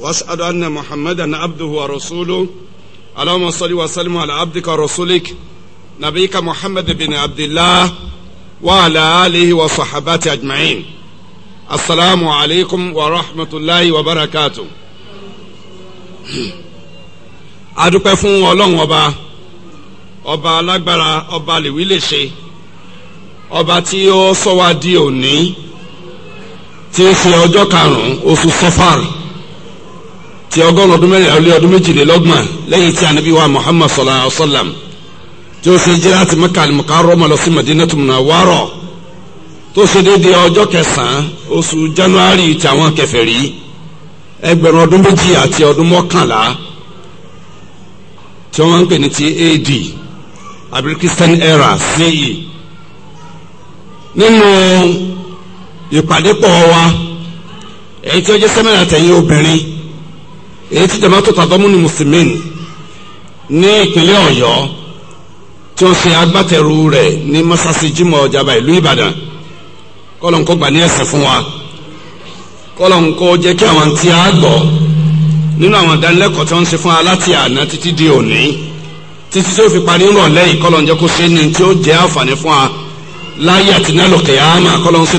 واشهد ان محمدا عبده ورسوله اللهم صل وسلم على عبدك ورسولك نبيك محمد بن عبد الله وعلى اله وصحباته اجمعين السلام عليكم ورحمه الله وبركاته adúpẹ́ fún ọlọ́run ọba ọba alágbára ọba lèwí lè ṣe ọba tí ó sọ wá di òní tí ó fi ti ọgọ́rùn ọdún mẹ́rin ọlẹ́ ọdún méjìlélọ́gbọ̀n lẹ́yìn tí anabi wa muhammad sallallahu alayhi wa sallam tí ó ṣe jẹ́ láti mẹ́ka al-mukarrama lọ sí madinatu munawwara tó ṣe déédéé ọjọ́ kẹsàn-án oṣù january tàwọn kèfèrí ẹgbẹ̀rún ọdún méjì àti ọdún mọ́kànlá tí wọ́n ń pè ní ti ad àbí christian era ce nínú ìpàdépọ̀ wa èyí tí ó jẹ́ sẹ́mìnà tẹ̀yìn obìnrin èyí tí jamaatu ni mùsùlùmí ní ìpínlẹ̀ ọ̀yọ́ tí ó ṣe agbátẹrù rẹ̀ ní masasi jimoh ọjàba ìlú ìbàdàn kọ́lọ̀ ńkọ́ gbà ní ẹ̀sẹ̀ fún wa kọ́lọ̀ ńkọ́ jẹ́ kí àwọn tí a gbọ́ nínú àwọn ìdánilẹ́kọ̀ọ́ tí wọ́n ń ṣe fún wa láti àná títí di òní títí tí ó fi parí ńrọ̀lẹ́ yìí kọ́lọ̀ ńjẹ́ kó ṣe ní tí ó jẹ́ àǹfààní fún wa láyé àti nílò kẹ̀yàmà kọ́lọ̀ ńṣe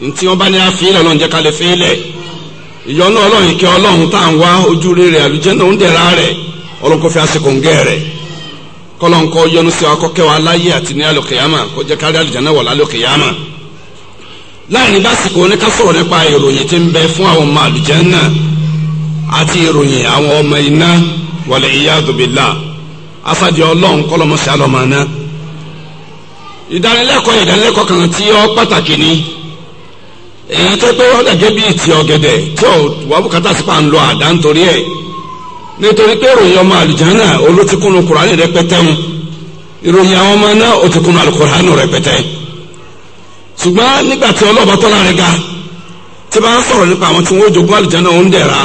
ntí wọn bá ní àfihàn ọlọ́run jẹ́ ká lè fi lẹ̀ ìyọ́nú ọlọ́run ọlọ́run tá à wá ojú rere àlùjẹ́nà ń rẹ̀ kò fi àsìkò ń rẹ̀ kọ́lọ́n kọ́ yọ́nú sí wa kọ́kẹ́ láyé àti ní alùkìyàmà kó láàrin nípa ìròyìn tí ń bẹ ọmọ àti ìròyìn àwọn ọmọ iná asadi èyí tó tó dàgé bíi ti ọ̀gẹ̀dẹ̀ tó wà bùkátà sí pa ń lo àdá nítorí ẹ̀ nítorí pé ìròyìn ọmọ àlùjánà olótìkúnnù kùránì rẹpẹtẹ ń ìròyìn àwọn ọmọ náà òtìkúnnù àlùkùránì rẹpẹtẹ ṣùgbọ́n nígbà tí ọlọ́ọ̀bá tọ́lá rẹ̀ ga tí bá ń sọ̀rọ̀ nípa àwọn tí wọ́n jogún àlùjánà ń dẹ̀ra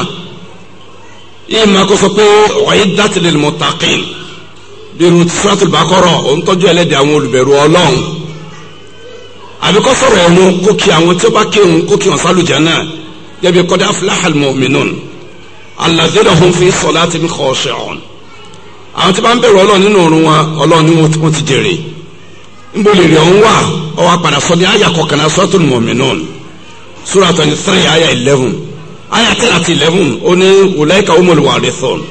yìí máa kó sọ pé ọ̀yẹ́ dátìlẹ̀ mọ̀tàkìn bí irun tí sọ́tùlùbákọ́rọ̀ òun tọ́jú ẹlẹ́dẹ̀ àwọn olùbẹ̀rù ọlọ́run àbí kọ́ sọ̀rọ̀ ẹ̀rún kó kí àwọn tí ó bá kírun kó kí wọn sálùjá náà yẹbi kọ́dá aflahal mu'minun alladhina hum fi salatihim khashi'un àwọn tí bá ń bẹ̀rù ọlọ́run nínú ọ̀run wọn ọlọ́run ni wọ́n ti jèrè nbọ lè rí ọ̀hún wà ọwọ́ apàdà sọ ní àyà kọkànlá suratul mu'minun sura twenty three àyà eleven àyà ten àti eleven ó ní ulaika humul warithun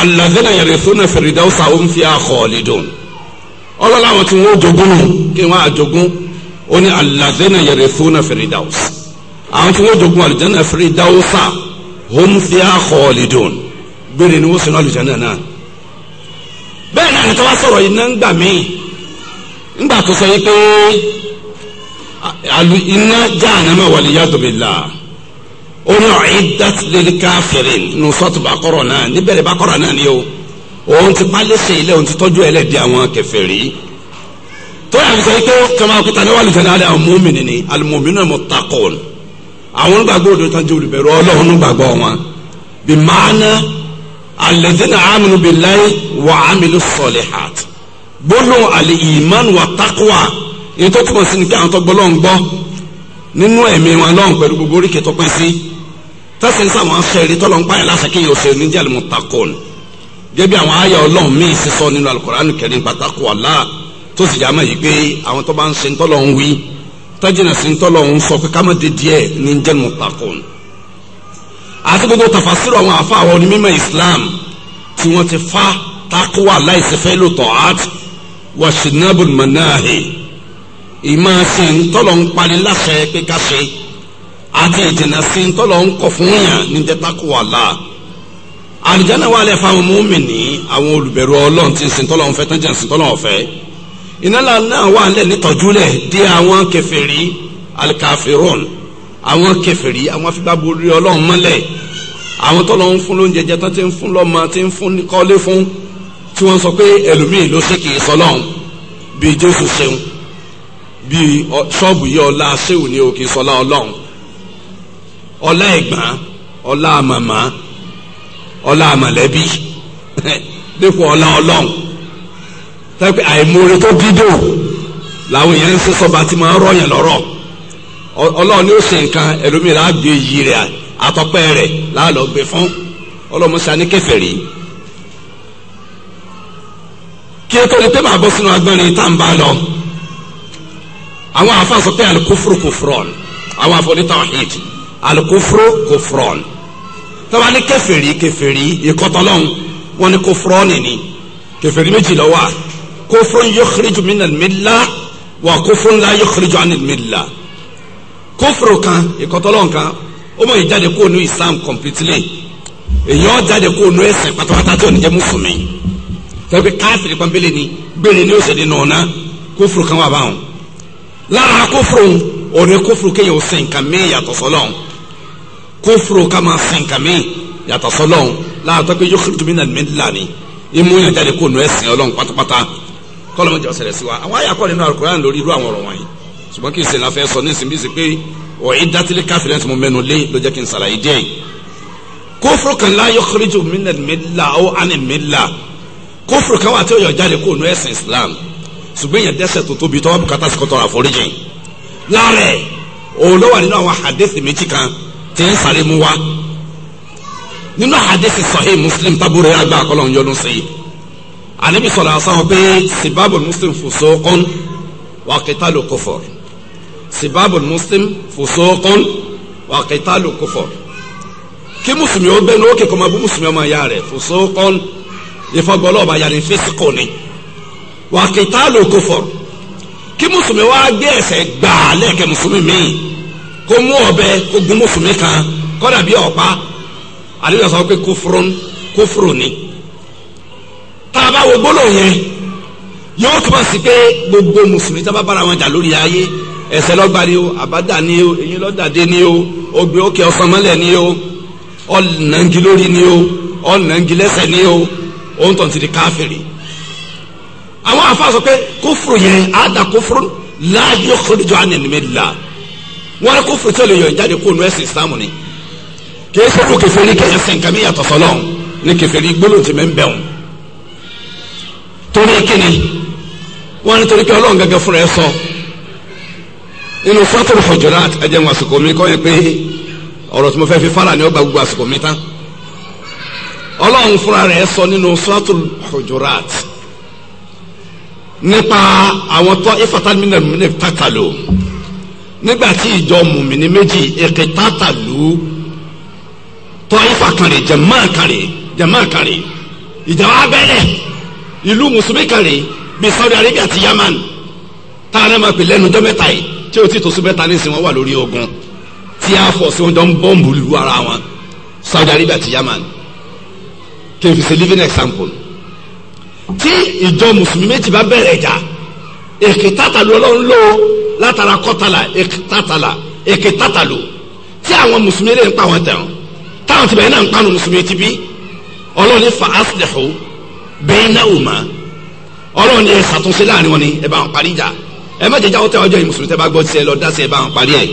alladhina yarithuna ó ní alladhina yarithuna firidaus àwọn tí wọ́n jogún aljanna firidausa hum fiha khalidun gbére ni wọ́n sinú aljanna náà bẹ́ẹ̀ náà nítorí wá sọ̀rọ̀ iná ń gbà mí ńgbà tó sọ yìí pé iná jahannama waliyadu billah ó ní u'iddat lil kafirin nù sọ́ọ̀tù Baqara náà níbẹ̀rẹ̀ Baqara náà ni o òun ti pálí ṣe ilé òun ti tọ́jú ẹlẹ́dìí àwọn kèfèrí tọ́lá àti sọ pé kama akuta ní wàlùjẹ́ náà àwọn mọ́mìnì ni alimọ́mìnì náà mọ̀ takọ̀ọ̀nù àwọn onígbàgbọ́ òdo tán jẹ́ olùbẹ̀rù ọlọ́run onígbàgbọ́ wọn bí màánà alladhina aminu billahi wa amilu salihat gbólóhùn àlè iman wa taqwa èyí tó túmọ̀ sí ni pé àwọn tó gbọ́ lọ́n gbọ́ nínú ẹ̀mí wọn lọ́n pẹ̀lú gbogbo oríkèé tó pẹ́ sí tẹ́sán sáwọn afẹ́rẹ́ tọ́lọ́ ń pààyàn láṣẹ kéèyàn ṣe ní jẹ́ àlùmọ́ gẹ́gẹ́ bí àwọn àyà ọlọ́run míì sísọ nínú alukọ̀ránù kẹrin pàtàkùn Allah tó sì jámọ́ yìí pé àwọn tó bá ń ṣe ń tọ́lọ̀ ń wí tọ́jìnà sí ń tọ́lọ̀ ń sọ pé ká má de ní jẹ́ mutlaqun àti gbogbo tafasiru àwọn afa àwọn onímọ̀ Islam tí wọ́n ti fa takuwa láìsí fẹ́ lò tọ̀ àti wàṣínàbùn mọ̀nàhì ìmọ̀ sí ń tọ́lọ̀ ń pani láṣẹ pé ká ṣe àti ìjìnà sí ń tọ́lọ̀ ń kọ̀ fún yàn ní jẹ́ takuwa láà àlùjáná wà lẹ́ fáwọn múmi ní àwọn olùbẹ̀rù ọlọ́run tí ń sin tọ́lọ́run fẹ́ tán jẹ́ ń ìnála náà wà ń lẹ̀ nítọ́júlẹ̀ di àwọn kèfèrí alikafirun àwọn kèfèrí àwọn afigbáborí ọlọ́run mọ́lẹ̀ àwọn tó lọ ń fún lóúnjẹ jẹ tán ti ń fún lọ́mọ ti ń fún kọ́lé fún tí wọ́n sọ pé ẹlòmíì ló ṣe kì í sọlọ́run bíi jésù ṣeun bíi ṣọ́ọ̀bù yìí ọlá ṣéwù ni o kì í sọlá ọlọ́run ọlá ẹ̀gbọ́n ọlá màmá ọlá mọ̀lẹ́bí dépò ọlá ọlọ́run tẹ́pẹ́ àìmoore tó dídò làwọn èèyàn ń ṣe sọba tí máa ń rọ̀yàn lọ́rọ̀ ọlọ́run ní ó ṣe nǹkan ẹlòmíràn á gbé iyì rẹ̀ àtọ́pẹ́ rẹ̀ láàlọ́ gbé fún ọlọ́run sani kèfèrí kí ẹ tó ní pé màá bọ́ sínú agbọ́nrin tá n bá lọ àwọn àfáà sọ pé alukófóró kò fúrọ̀n àwọn àfọ̀ní tawhid alukófóró kò fúrọ̀n tọ́wọ́ ní kèfèrí kèfèrí ìkọ́tọ́lọ́hún wọn ni kò fúrọ̀n nìní kèfèrí méjì ló wà kufrun yukhriju min al-millah wa kufrun la yukhriju an al-millah kófòrò kan ìkọtọ́lọ́ kan ó mọ̀ ìjáde kó nu Islam completely èyàn jáde kó nu ẹsẹ̀ pátápátá tí ò ní jẹ́ mùsùlùmí tẹ́lẹ̀ pé káfíìrì pọ́nbélé ni gbére ni ó ṣe ní nọ̀ọ́ná kófòrò kan wà báwọn lára kófòrò òde kófòrò kéèyàn ó sìn kàmí yàtọ̀ sọ́lọ́ kófòrò ká máa sìn kàmí yàtọ̀ sọ́lọ́ lára tó pé yóò kiri tumi nàní mi là ní imú yàn jáde kó nu ẹsẹ̀ ọlọ́run pátápátá kọ́lọ́mọdé ọ̀sẹ̀rẹ̀ sí wa àwọn àyàkọ́ nínú alukur'an lórí irú àwọn ọ̀rọ̀ wọ̀nyí ṣùgbọ́n kí n sèlá fẹ́ sọ ní ìsìn bí sì pé ọ̀yìn dátìlẹ̀ káfíńtì mo mẹ́nu lé ló jẹ́ kí n sàlàyé díẹ̀ yìí kófòrò kan láyọ̀ kọ́lẹ́jì mílẹ̀ mílà ó ànì mílà kófòrò kan wà tí ó yọ jáde kó nu ẹ̀sìn Islam ṣùgbọ́n èèyàn dẹ́sẹ̀ tó tóbi tọ́wọ́ bùkátà sí kọ́tọ́ àforíjì láàrẹ̀ òun ló wà nínú àwọn hadith méjì kan tí ń sáré mu wá nínú hadith Sahih Muslim tábúrẹ́ ànábì sọ̀rọ̀ àsáwọn pé sibabu muslim fusukun wa qitalu kufur sibabu muslim fusukun wa qitalu kufur kí mùsùlùmí ó bẹ́ẹ̀ ní ó kékeré ọmọ bú mùsùlùmí ọmọ ìyá rẹ̀ fusukun ìfọgbọ́lọ́ọ̀bá yàrá ìfẹ́sìkò ni wa qitalu kufur kí mùsùlùmí wá gbé ẹsẹ̀ gbàá lẹ́ẹ̀kẹ́ mùsùlùmí míì kó mú ọ̀bẹ kó gun mùsùlùmí kan kọ́dà bí ọ̀pá àdéhùn sọ pé kófurún kófurún ni tá a bá wo gbólóhùn yẹn yóò túmọ̀ sí pé gbogbo mùsùlùmí tá a bá bára wọn jà lórí ayé ẹsẹ̀ lọ́gbà ni o àbádà ni o eyín lọ́dàdé ni o ogbe òkè ọ̀sán mọ́lẹ̀ ni o ọ̀nàǹgì lórí ni o ọ̀nàǹgì lẹ́sẹ̀ ni o òun tó ti di káfìrì àwọn àfa sọ pé kófòrò yẹn àdà kófòrò láàyè kọ́lẹ́jọ́ ànínmẹ́lá wọn rẹ kófòrò tí ó lè yọ ìjáde kó nu ẹ̀sìn Islam ni kì í ṣe kẹfẹ́ ní kẹyẹsẹ̀ nǹkan mi yàtọ̀ sọlọ́ọ̀ ní kẹfẹ́ ní gbólóhùn ti mẹ́ ń bẹ̀rùn torí kíni wọn ní torí kí ọlọ́run gẹ́gẹ́ fúnra ẹ sọ nínú sọ́tòrò fọ̀jọ́láàtì ẹ̀jẹ̀ ń àsìkò mi kọ́ yẹn pé ọ̀rọ̀ tí mo fẹ́ fi fara ni ó gba gbogbo àsìkò mi tán ọlọ́run fúnra rẹ̀ sọ nínú sọ́tòrò fọ̀jọ́láàtì nípa àwọn tó ìfàtàmínà mímínà tàkàlò nígbà tí ìjọ mùmíní méjì èké tàkàlò tó ìfàkàrè jẹ̀máàkàrè jẹ̀máàkàrè ìjà wa bẹ́ẹ̀ ìlú mùsùlùmí kan rèé bíi Saudi Arabia àti Yaman táwọn ẹ̀ma pè lẹ́nu ọjọ́ mẹ́ta yìí tí o ti tó sún mẹ́ta nísìnyí wọ́n wà lórí ogun tí a fọ̀ sí wọn jọ ń bọ́ǹbù lu ara wọn Saudi Arabia àti Yaman kí n fi ṣe living example tí ìjọ mùsùlùmí méjì bá bẹ̀rẹ̀ ìjà èkìtàtà ló lọ́n lò látara kọ́tàlà èkìtàtàlà èkìtàtà lò tí àwọn mùsùlùmí lè ń pa wọn tẹ̀wọ̀n táwọn tìbẹ̀ náà ń pa àwọn mùsùlùmí ti bí ọlọ́ọ̀ni fa aslihu bẹ́ẹ̀ náà wò má ọlọ́run ni ẹ ṣàtúnṣe láàrin wọn ni ẹ bá wọn parí ìjà ẹ má jẹjẹ àwọn tẹ ọjọ́ yìí mùsùlùmí tẹ bá gbọ́ tiẹ̀ lọ dá sí ẹ bá wọn parí ẹ̀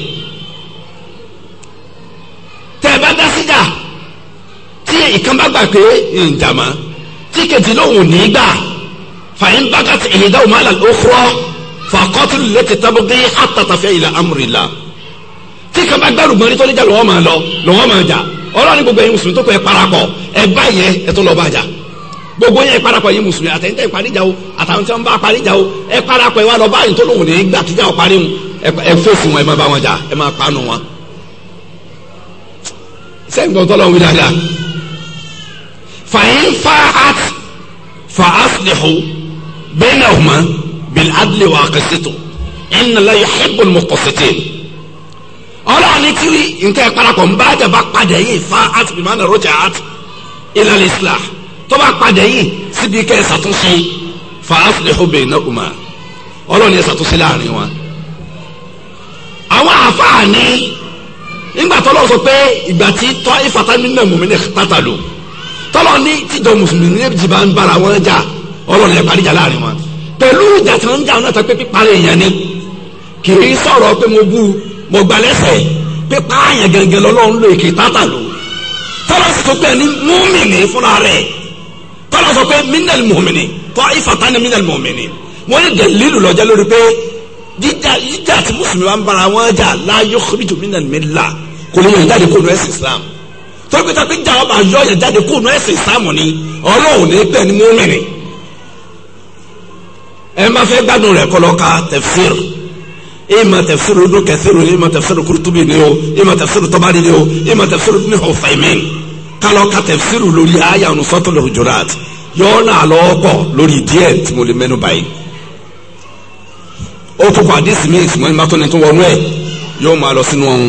tẹ bá dá síjà tí ìkan bá gbà pé ǹjàmá tí kejì lóhùn ní gbà fàyín bákàt ìyẹ̀dáwò má làlọ́ kúrọ́ fàkọ́tù lẹ́tì tábùgé àtàtàfẹ́ ìlà amúrìlá tí kan bá gbàrú gbọ́n nítorí jà lọ́wọ́ máa lọ lọ́wọ́ máa jà ọlọ́run gbogbo ẹ̀yin mùsùlùmí tó kọ ẹ parapọ̀ ẹ bá yẹ ẹ tó lọ́ọ́ bá jà gbogbo yẹn ìparapọ̀ yìí mùsùlùmí àtẹ̀yìntẹ̀ ìparíjà o àtàwọn tí wọ́n bá paríjà o ẹ parapọ̀ ìwà lọ báyìí tó lòun ní gbà kíjà ọ parí mu ẹ fèsì wọn ẹ má bá wọn jà ẹ má panu wọn. sẹ́yìn kan tọ́lọ̀ wí dáadáa fàyín fa at fa aslihu bainahuma bil adli wa qisitu inna la yuhibbul muqsitin. ọlọ́run ní kiri nǹkan ìparapọ̀ ń bá àjàbá padà yìí fa at bimana tó bá padà yìí síbi ká ẹ ṣàtúnṣe fàáfìlẹ̀ ọbẹ̀ iná kùmà ọlọ́run ni ẹ ṣàtúnṣe láàrin wọn. àwọn àáfàá ní nígbà tó lọ́wọ́ sọ pé ìgbà tí tọ́ ìfàtà nínú ẹ̀mú mi ní tata lò tọ́lọ́ ní tíjọ mùsùlùmí ní jìbá ń bára wọn jà ọlọ́run ẹ̀ parí jà láàrin wọn pẹ̀lú ìjà tí wọ́n ń jà wọn náà pé píparí èèyàn ni kì í sọ̀rọ̀ pé mo bú mo gbà lẹ́sẹ̀ pé pààyàn gẹ́gẹ́ lọ́lọ́run lò èkì tata lò tọ́lọ́ sọ pé ẹni múmi ní fúnra rẹ̀ tọ́lá sọ pé minal mu'minin ta'ifatan minal mu'minin wọ́n ní dẹ̀lílù lọ́jọ́ lórí pé jíjà jíjà tí mùsùlùmí wa ń bára wọn jà la yukhriju minal millah kò lè yàn jáde kó nu ẹ̀sìn islam tó bí tàbí jà ọba yọ yàn jáde kó nu ẹ̀sìn islam ni ọlọ́run ní bẹ́ẹ̀ ni mu'minin ẹ má fẹ́ gbádùn rẹ̀ kọ́ lọ ka ima tafsir ibn kathir ima tafsir kurtubi ni o ima tafsir tabari kálọ̀ ka tẹ̀síìrù lórí àyà ọ̀nà sọ́tòlù Hujurat yọ̀ọ́ náà lọ́ọ́ bọ̀ lórí díẹ̀ tí mo lè mẹ́nu báyìí ó tún kọ àdísì míì ìsìnkú ẹni bá tó ní tó wọnú ẹ yóò máa lọ sínú ọ̀hún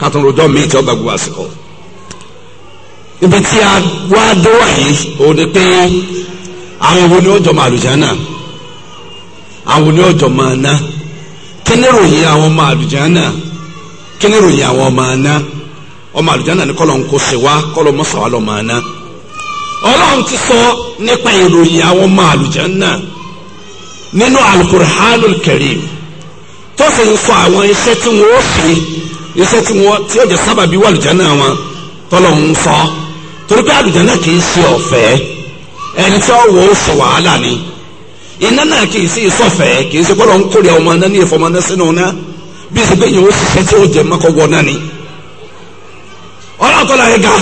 kátó rojọ́ míì tí ó gbàgbọ́ àsìkò ibi tí a wá dé wáyé ó ní pé àwọn ìwo ni ó jọ máa àlùjáná àwọn ni ó jọ máa ná kí ni ròyìn àwọn ọmọ àlùjáná kí ni ròyìn àwọn ọmọ àná ọmọ àlùjáná ni kọ́lọ̀ ń kó ṣe wá kọ́lọ̀ mọ́sàwá lọ́ máa ná ọlọ́run ti sọ nípa ìròyìn àwọn ọmọ àlùjáná nínú alukur'anul karim tó sì ń sọ àwọn iṣẹ́ tí wọ́n ó ṣe iṣẹ́ tí wọ́n tí ọjà sábà bí wà àlùjáná wọn tọ́lọ̀ ń sọ torí pé àlùjáná kì í ṣe ọ̀fẹ́ ẹni tí ọwọ́ ó ṣe wàhálà ni iná náà kì í sí ìsọ̀fẹ́ kì í ṣe kọ́lọ̀ ń kórè ọmọ náà ní ìfọmọ náà sínú náà bí ìsìnkú yìí ó ṣiṣẹ́ tí ó jẹ mọ́kọ́ wọ náà ni ọlọ́kọ̀ọ́lá yẹn ga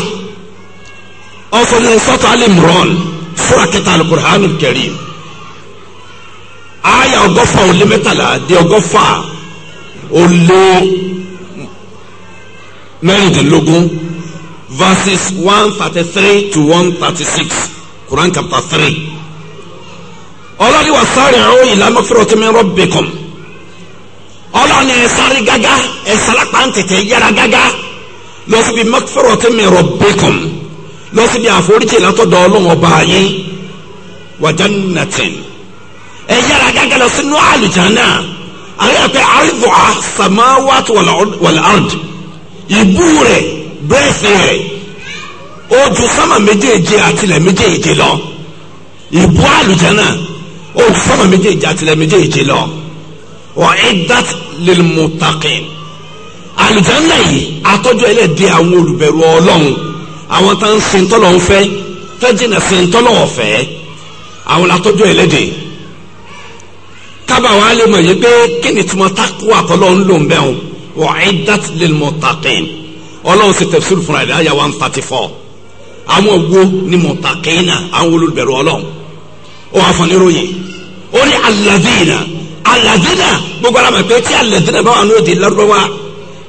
ọkọ̀ ní sọ́tọ̀ Al-Imran fúra kẹta Al-Qur'anul Karim aya ọgọ́fà ó lé mẹ́tàlá dé ọgọ́fà ó mẹ́rìndínlógún verses one thirty three to one thirty six Quran chapter three ọlọ́ni wà sáré ọ̀hún ìlànà fúrọ̀tìmí rabbikum ọlọ́ni ẹ̀ sáré gágá ẹ̀ sálápá ń tètè yára gágá lọ síbi makfarati min rabbikum lọ síbi àforíjì látọ̀dọ̀ ọlọ́run ọba yín wa jannatin ẹ yára gángan lọ sínú àlùjáná àwọn yàtọ̀ àrídùn as-samawati wal ard ìbú rẹ̀ bẹ́ẹ̀sì rẹ̀ ó ju sámà méjèèje àtìlẹ̀ méjèèje lọ ìbú àlùjáná ó ju sámà méjèèje àtìlẹ̀ méjèèje lọ wa iddat lil muttaqin àlùjáńdà yìí atọ́jọ́ ilẹ̀ dé àwọn olùbẹ̀rù ọlọ́run àwọn tá ń sin tọ́lọ̀ ń fẹ́ tẹ́jìnà sin tọ́lọ̀ ọ̀fẹ́ àwọn atọ́jọ́ ilẹ̀ dé kábàáwá lè mọ̀ yìí pé kí ni tí mo takò àtọ́lọ́ ń lò ń bẹ̀ wọn wọ́n ẹ̀ dat lè mọ̀ tàkìn ọlọ́run sì tafsir fúnra rẹ̀ àyà one thirty four àwọn wo ni mọ̀ tàkìn náà àwọn olùbẹ̀rù ọlọ́run ó wà fún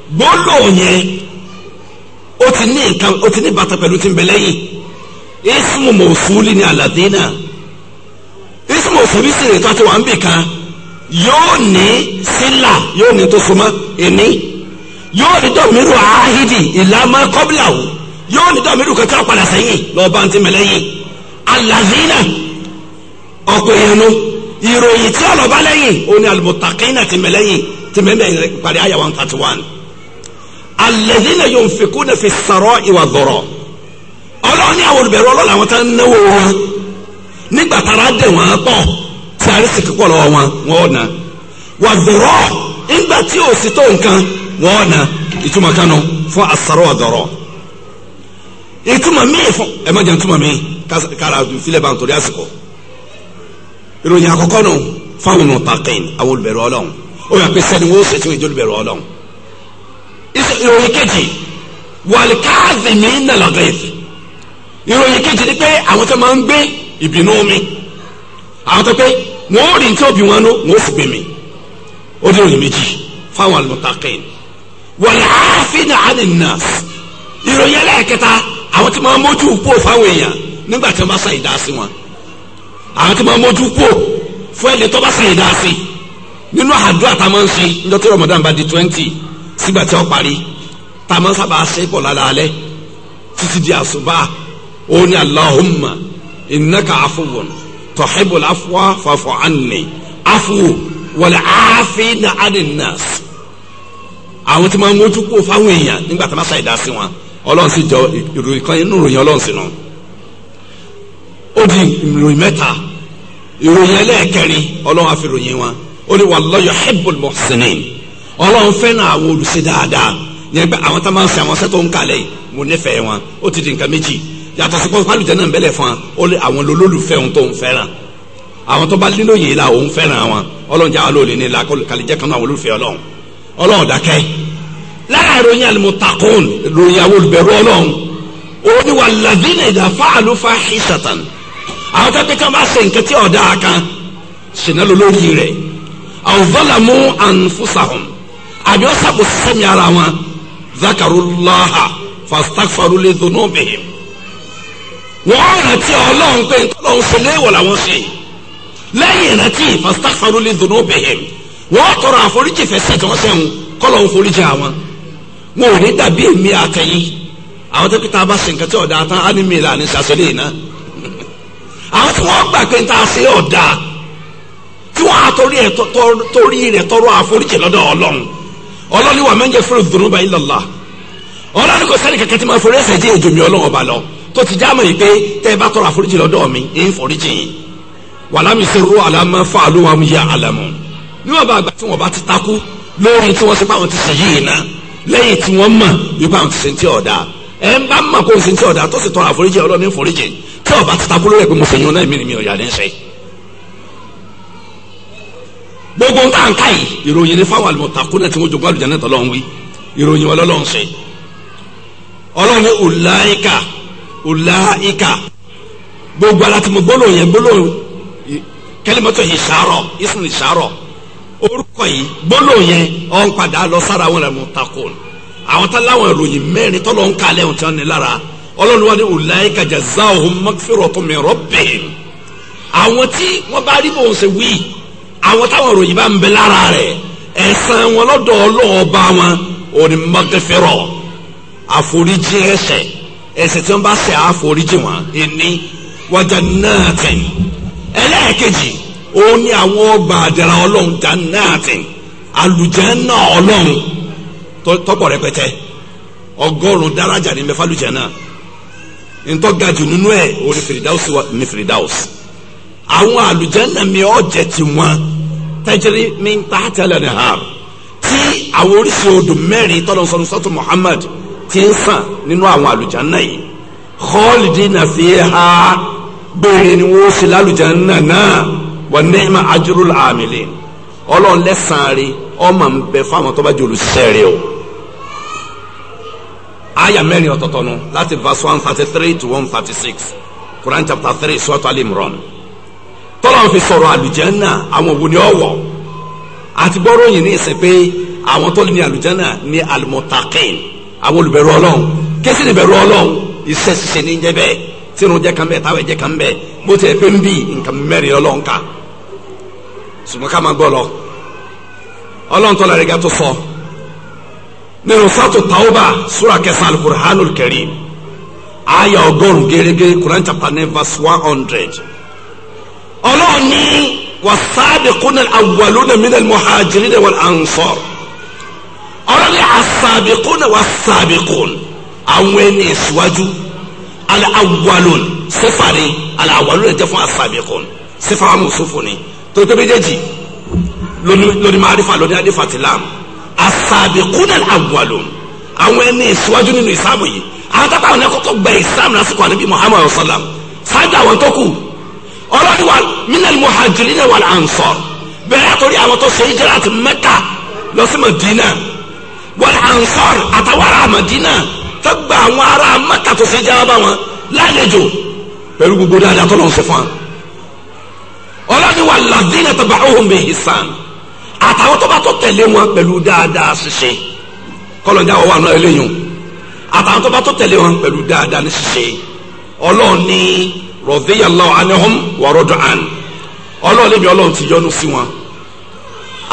gbólò yẹn ó ti ní nǹkan ó ti ní ìbátan pẹ̀lú ti ń bẹ lẹ́yìn ismu mọ̀súlì ní aladina ismu mọ̀súlì sì rè tó àti wà ń bì kan yóò ní sílà yóò ní tó súnmọ́ ẹni yóò ní dọ̀míru ahidi ìlàmọ́ kọ́bílàwò yóò ní dọ̀míru kan tí wọ́n padà sẹ́yìn lọ́ọ́ bá ń ti mẹ́lẹ́yìn aladina ọ̀pọ̀ èèyàn nu ìròyìn tí ọlọ́ba lẹ́yìn òun ni almutakina ti mẹ́lẹ́yìn ti mẹ́mẹ́ parí àyà one thirty one alladhina yunfikuna fi sarra'i wa dharra ọlọ́run ní àwọn olùbẹ̀rù ọlọ́run àwọn tá ń náwó wọn nígbà tára dẹ̀ wọ́n pọ̀ tí àrísì kíkọ́ lọ́wọ́ wọn wọ́n na wa dharra nígbà tí ò sí tó nǹkan wọ́n na ìtumọ̀ kanu fún as-sarra wa dharra ìtumọ̀ míì fún ẹ má jẹ́ ìtumọ̀ míì kára filẹ̀ bá ń torí àsìkò ìròyìn àkọ́kọ́ nù fáwọn ọ̀tàkìn àwọn olùbẹ̀rù ọlọ́run ó yà pé sẹ́ni wọ́n ó ṣètò ìjọ olùbẹ̀rù ọlọ́run ìròyìn kejì wàlíkáàzì mi ń nàlọ́dọ̀ yìí ìròyìn kejì ni pé àwọn tó máa ń gbé ìbínú mi àwọn tó pé wọn ò rí nǹkan òbí wọn nú wọn ò sì gbé mi ó dé ìròyìn méjì fáwọn àlùmọ̀tàkìn wàlíkáàfin àní nàásì ìròyìn ẹlẹ́ẹ̀kẹta àwọn tó máa ń mójú pò fáwọn èèyàn nígbà tí wọ́n bá sàyìn dá sí wọn àwọn tó máa ń mójú pò fún ẹni tó bá sàyìn dá sí nínú àdúrà tá a máa ń ṣe níjọ́ tí bá di twenty sígbà tí wọ́n parí tàmọ́ sábà ṣe pọ̀ lálẹ́ títí di àṣùbà ó ní Allahumma innaka afuwun tuhibbul afwa fa'fu anni afu wal afina 'anil nas àwọn tí wọ́n mójú kó fáwọn èèyàn nígbà tí wọ́n ṣàìdá sí wọn ọlọ́run sì jọ ìròyìn kan inú ìròyìn ọlọ́run sì nù ó di ìròyìn mẹ́ta ìròyìn ẹlẹ́ẹ̀kẹrin ọlọ́run á ròyìn wọn ó ní wallahu yuhibbul muhsinin ọlọ́run fẹ́ràn àwọn olùṣe dáadáa yẹn pé àwọn tá máa ń ṣe àwọn sẹ́tọ̀ ń kalẹ̀ yìí mo nífẹ̀ẹ́ wọn ó ti di nǹkan méjì yàtọ̀ sí pé alùjẹ́ náà ń bẹ̀lẹ̀ fún wa àwọn olólùfẹ́ òun tó ń fẹ́ràn àwọn tó bá lílo yìí la òun fẹ́ràn wọn ọlọ́run jẹ́ àlọ́ òní la kàlíjẹ́ kan náà olùfẹ́ ọlọ́run ọlọ́run dákẹ́ lára ìròyìn àlùmọ̀tàkùn ìròyìn àwọn olùbẹ̀rù ọlọ́run òun ni wà làdínà ìdàfà àlùfà hìsàtàn àwọn tó kàn bá ṣe nǹkan tí ọ̀dà kan ṣìnà lólórí rẹ̀ àwọn zọ́làmú ànfúsàhùn àbí wọ́n sàbòsí sẹ́mi ara wọn zakarulaha fasitafarule zonobihim wọ́n rántí ọlọ́run pé ọlọ́run ṣe léèwọ̀ làwọn ṣe lẹ́yìn ìrántí fasitafarule zonobihim wọ́n tọrọ àforíjì fẹsẹ̀ tí wọ́n sẹ́wọ̀n kọ́lọ́run foríjì àwọn wọn ò ní dàbí èmi àtẹ̀yìn àwọn tó kíta bá ṣe nǹkan tí ọ̀dà tán á ní mìíràn ní sàṣẹ́lẹ̀ iná àwọn tí wọ́n gbà pé ń ta ṣe tí wọ́n á torí tọrọ àforíjì lọ́dọ̀ ọlọ́run ọlọ́ni wà mẹ́jẹ fún ìdùnnú bá ilẹ̀ ọ̀la ọlọ́ni kò sẹ́ni kẹ̀kẹ́ tí máa forí ẹ̀ṣẹ̀ jẹ́ èjò mi ọlọ́wọ́ ba lọ tó ti já mọ̀ yìí pé tẹ́ ẹ bá tọrọ àforíjì lọ́dọ̀ mi èyí foríjì yìí wàlámi sẹ́rú àlámọ́ fàálù wàmú yá àlámù níwọ̀n bá àgbà tí wọ́n bá ti takú lórí tí wọ́n ti báwọn ti sè yìí náà lẹ́yìn tí wọ́n mọ̀ yìí báwọn ti sè ń bá ọ̀dà ẹ̀ pé gbogbo ń tà ń ká yìí ìròyìn ní fáwọn àlùmọ̀tàkùn náà tí wọ́n jogún àlùjáde tó lọ́hùn wí ìròyìn ọlọ́lọ́hùn sí ọlọ́run ní ọ̀làìkà ọ̀làìkà gbogbo alátìmọ̀ gbólóhùn yẹn gbólóhùn kẹlẹ́mọ́tò ìṣàrọ̀ ìsìn ìṣàrọ̀ orúkọ yìí gbólóhùn yẹn ọ̀ ń padà lọ sára àwọn àlùmọ̀tàkùn àwọn tá láwọn ìròyìn mẹ́rin tọ́lọ́ ń kalẹ̀ ohun àwọn tí wọ́n bá rí bóun ṣe wí àwọn táwọn òròyìn bá ń bẹ lára rẹ ẹ̀san wọn lọ́dọ̀ ọlọ́ọ̀ba wọn òní mọ́gẹ́fẹ́rọ̀ àforíjì ẹ̀ṣẹ̀ ẹ̀ṣẹ̀ tí wọ́n bá ṣẹ̀ àforíjì wọn ẹni wájà náà ẹlẹ́ẹ̀kejì òun ni àwọn ọgbà àdàrà ọlọ́run jà náà tẹ̀ ọlọ́run tọ́pọ̀ rẹpẹtẹ ọgọ́rùn-ún dáràjà ní mẹ́fà àlùjánnà ntọ́gajù nínú ẹ̀ òní fìrìdáùsì àwọn àlùjànnà mi ọ̀ jẹ́ ti wọn tajiri min tahtala nahar tí àwọn oríṣi odò mẹ́rin tọ́lọ́sọ̀rọ̀ sọ́tún Muhammad ti ń sàn nínú àwọn àlùjànnà yìí khalidina fiha bẹ́ẹ̀ ni wọ́n ṣe lálùjànnà náà wa ni'ma ajrul amilin ọlọ́run lẹ́sàn-án rí ọmọ ń bẹ fáwọn tó bá jẹ́ olùṣiṣẹ́ rẹ o. aya mẹ́rin ọ̀tọ̀ọ̀tọ̀ nu láti verse one thirty three to one thirty six Quran chapter three surat Al Imran tọ́lọ́run fi sọ̀rọ̀ àlùjànnà àwọn wo ni ọ wọ̀ àti gbọ́rọ̀ yìí ní ìsìn pé àwọn tó ní àlùjànnà ní alimọ̀tàkìn àwọn olùbẹ̀rù ọlọ́run kẹ́sì ní bẹ̀rù ọlọ́run iṣẹ́ ṣiṣẹ́ ní jẹ́ bẹ́ẹ̀ sínú jẹ́ kan bẹ́ẹ̀ táwọn ẹ̀jẹ̀ kan bẹ́ẹ̀ bó tiẹ̀ pé ń bì nǹkan mẹ́rin ọlọ́run ká ṣùgbọ́n ká máa gbọ́ lọ ọlọ́run tọ́lá hundred ọlọ́run ní wasabiquna al-awwaluna minal muhajirina wal ansar ọlọ́run ní asabiquna wasabiqun àwọn ẹni ìṣíwájú al-awwalun sífàní al-awwalun jẹ́ fún asabiqun sífàwọn mùsùlùmí ni tó tó méjèèjì lórí marifa lórí adifa ti lam asabiquna al-awwalun àwọn ẹni ìṣíwájú nínú ìsáàmù yìí àwọn tábà wọn ní kọ́kọ́ gba ìsáàmù lásìkò àníbi muhammadu sallam sáájú àwọn tó kù ọlọ́ni wa minal muhajirin wal ansar bẹ̀rẹ̀ àtọ́rí àwọn tó ṣe hijira àti mẹ́ta lọ sí madina wal ansar àtàwọn ará madina tó gba àwọn ará mẹ́ta tó ṣe hijira bá wọn lálejò pẹ̀lú gbogbo dáadáa tó lọ́n ṣe fún wa ọlọ́ni wa ladina taba'uhum bi ihsan àtàwọn tó bá tó tẹ̀lé wọn pẹ̀lú dáadáa ṣiṣẹ́ kọ́lọ́njà wọ́n wà náà eléyìí àtàwọn tó bá tó tẹ̀lé wọn pẹ̀lú dáadáa ṣiṣẹ́ ọlọ́ọ̀ni radiyallahu anhum wa radu an ọlọ́run níbi ọlọ́run ti yọ́nú sí wọn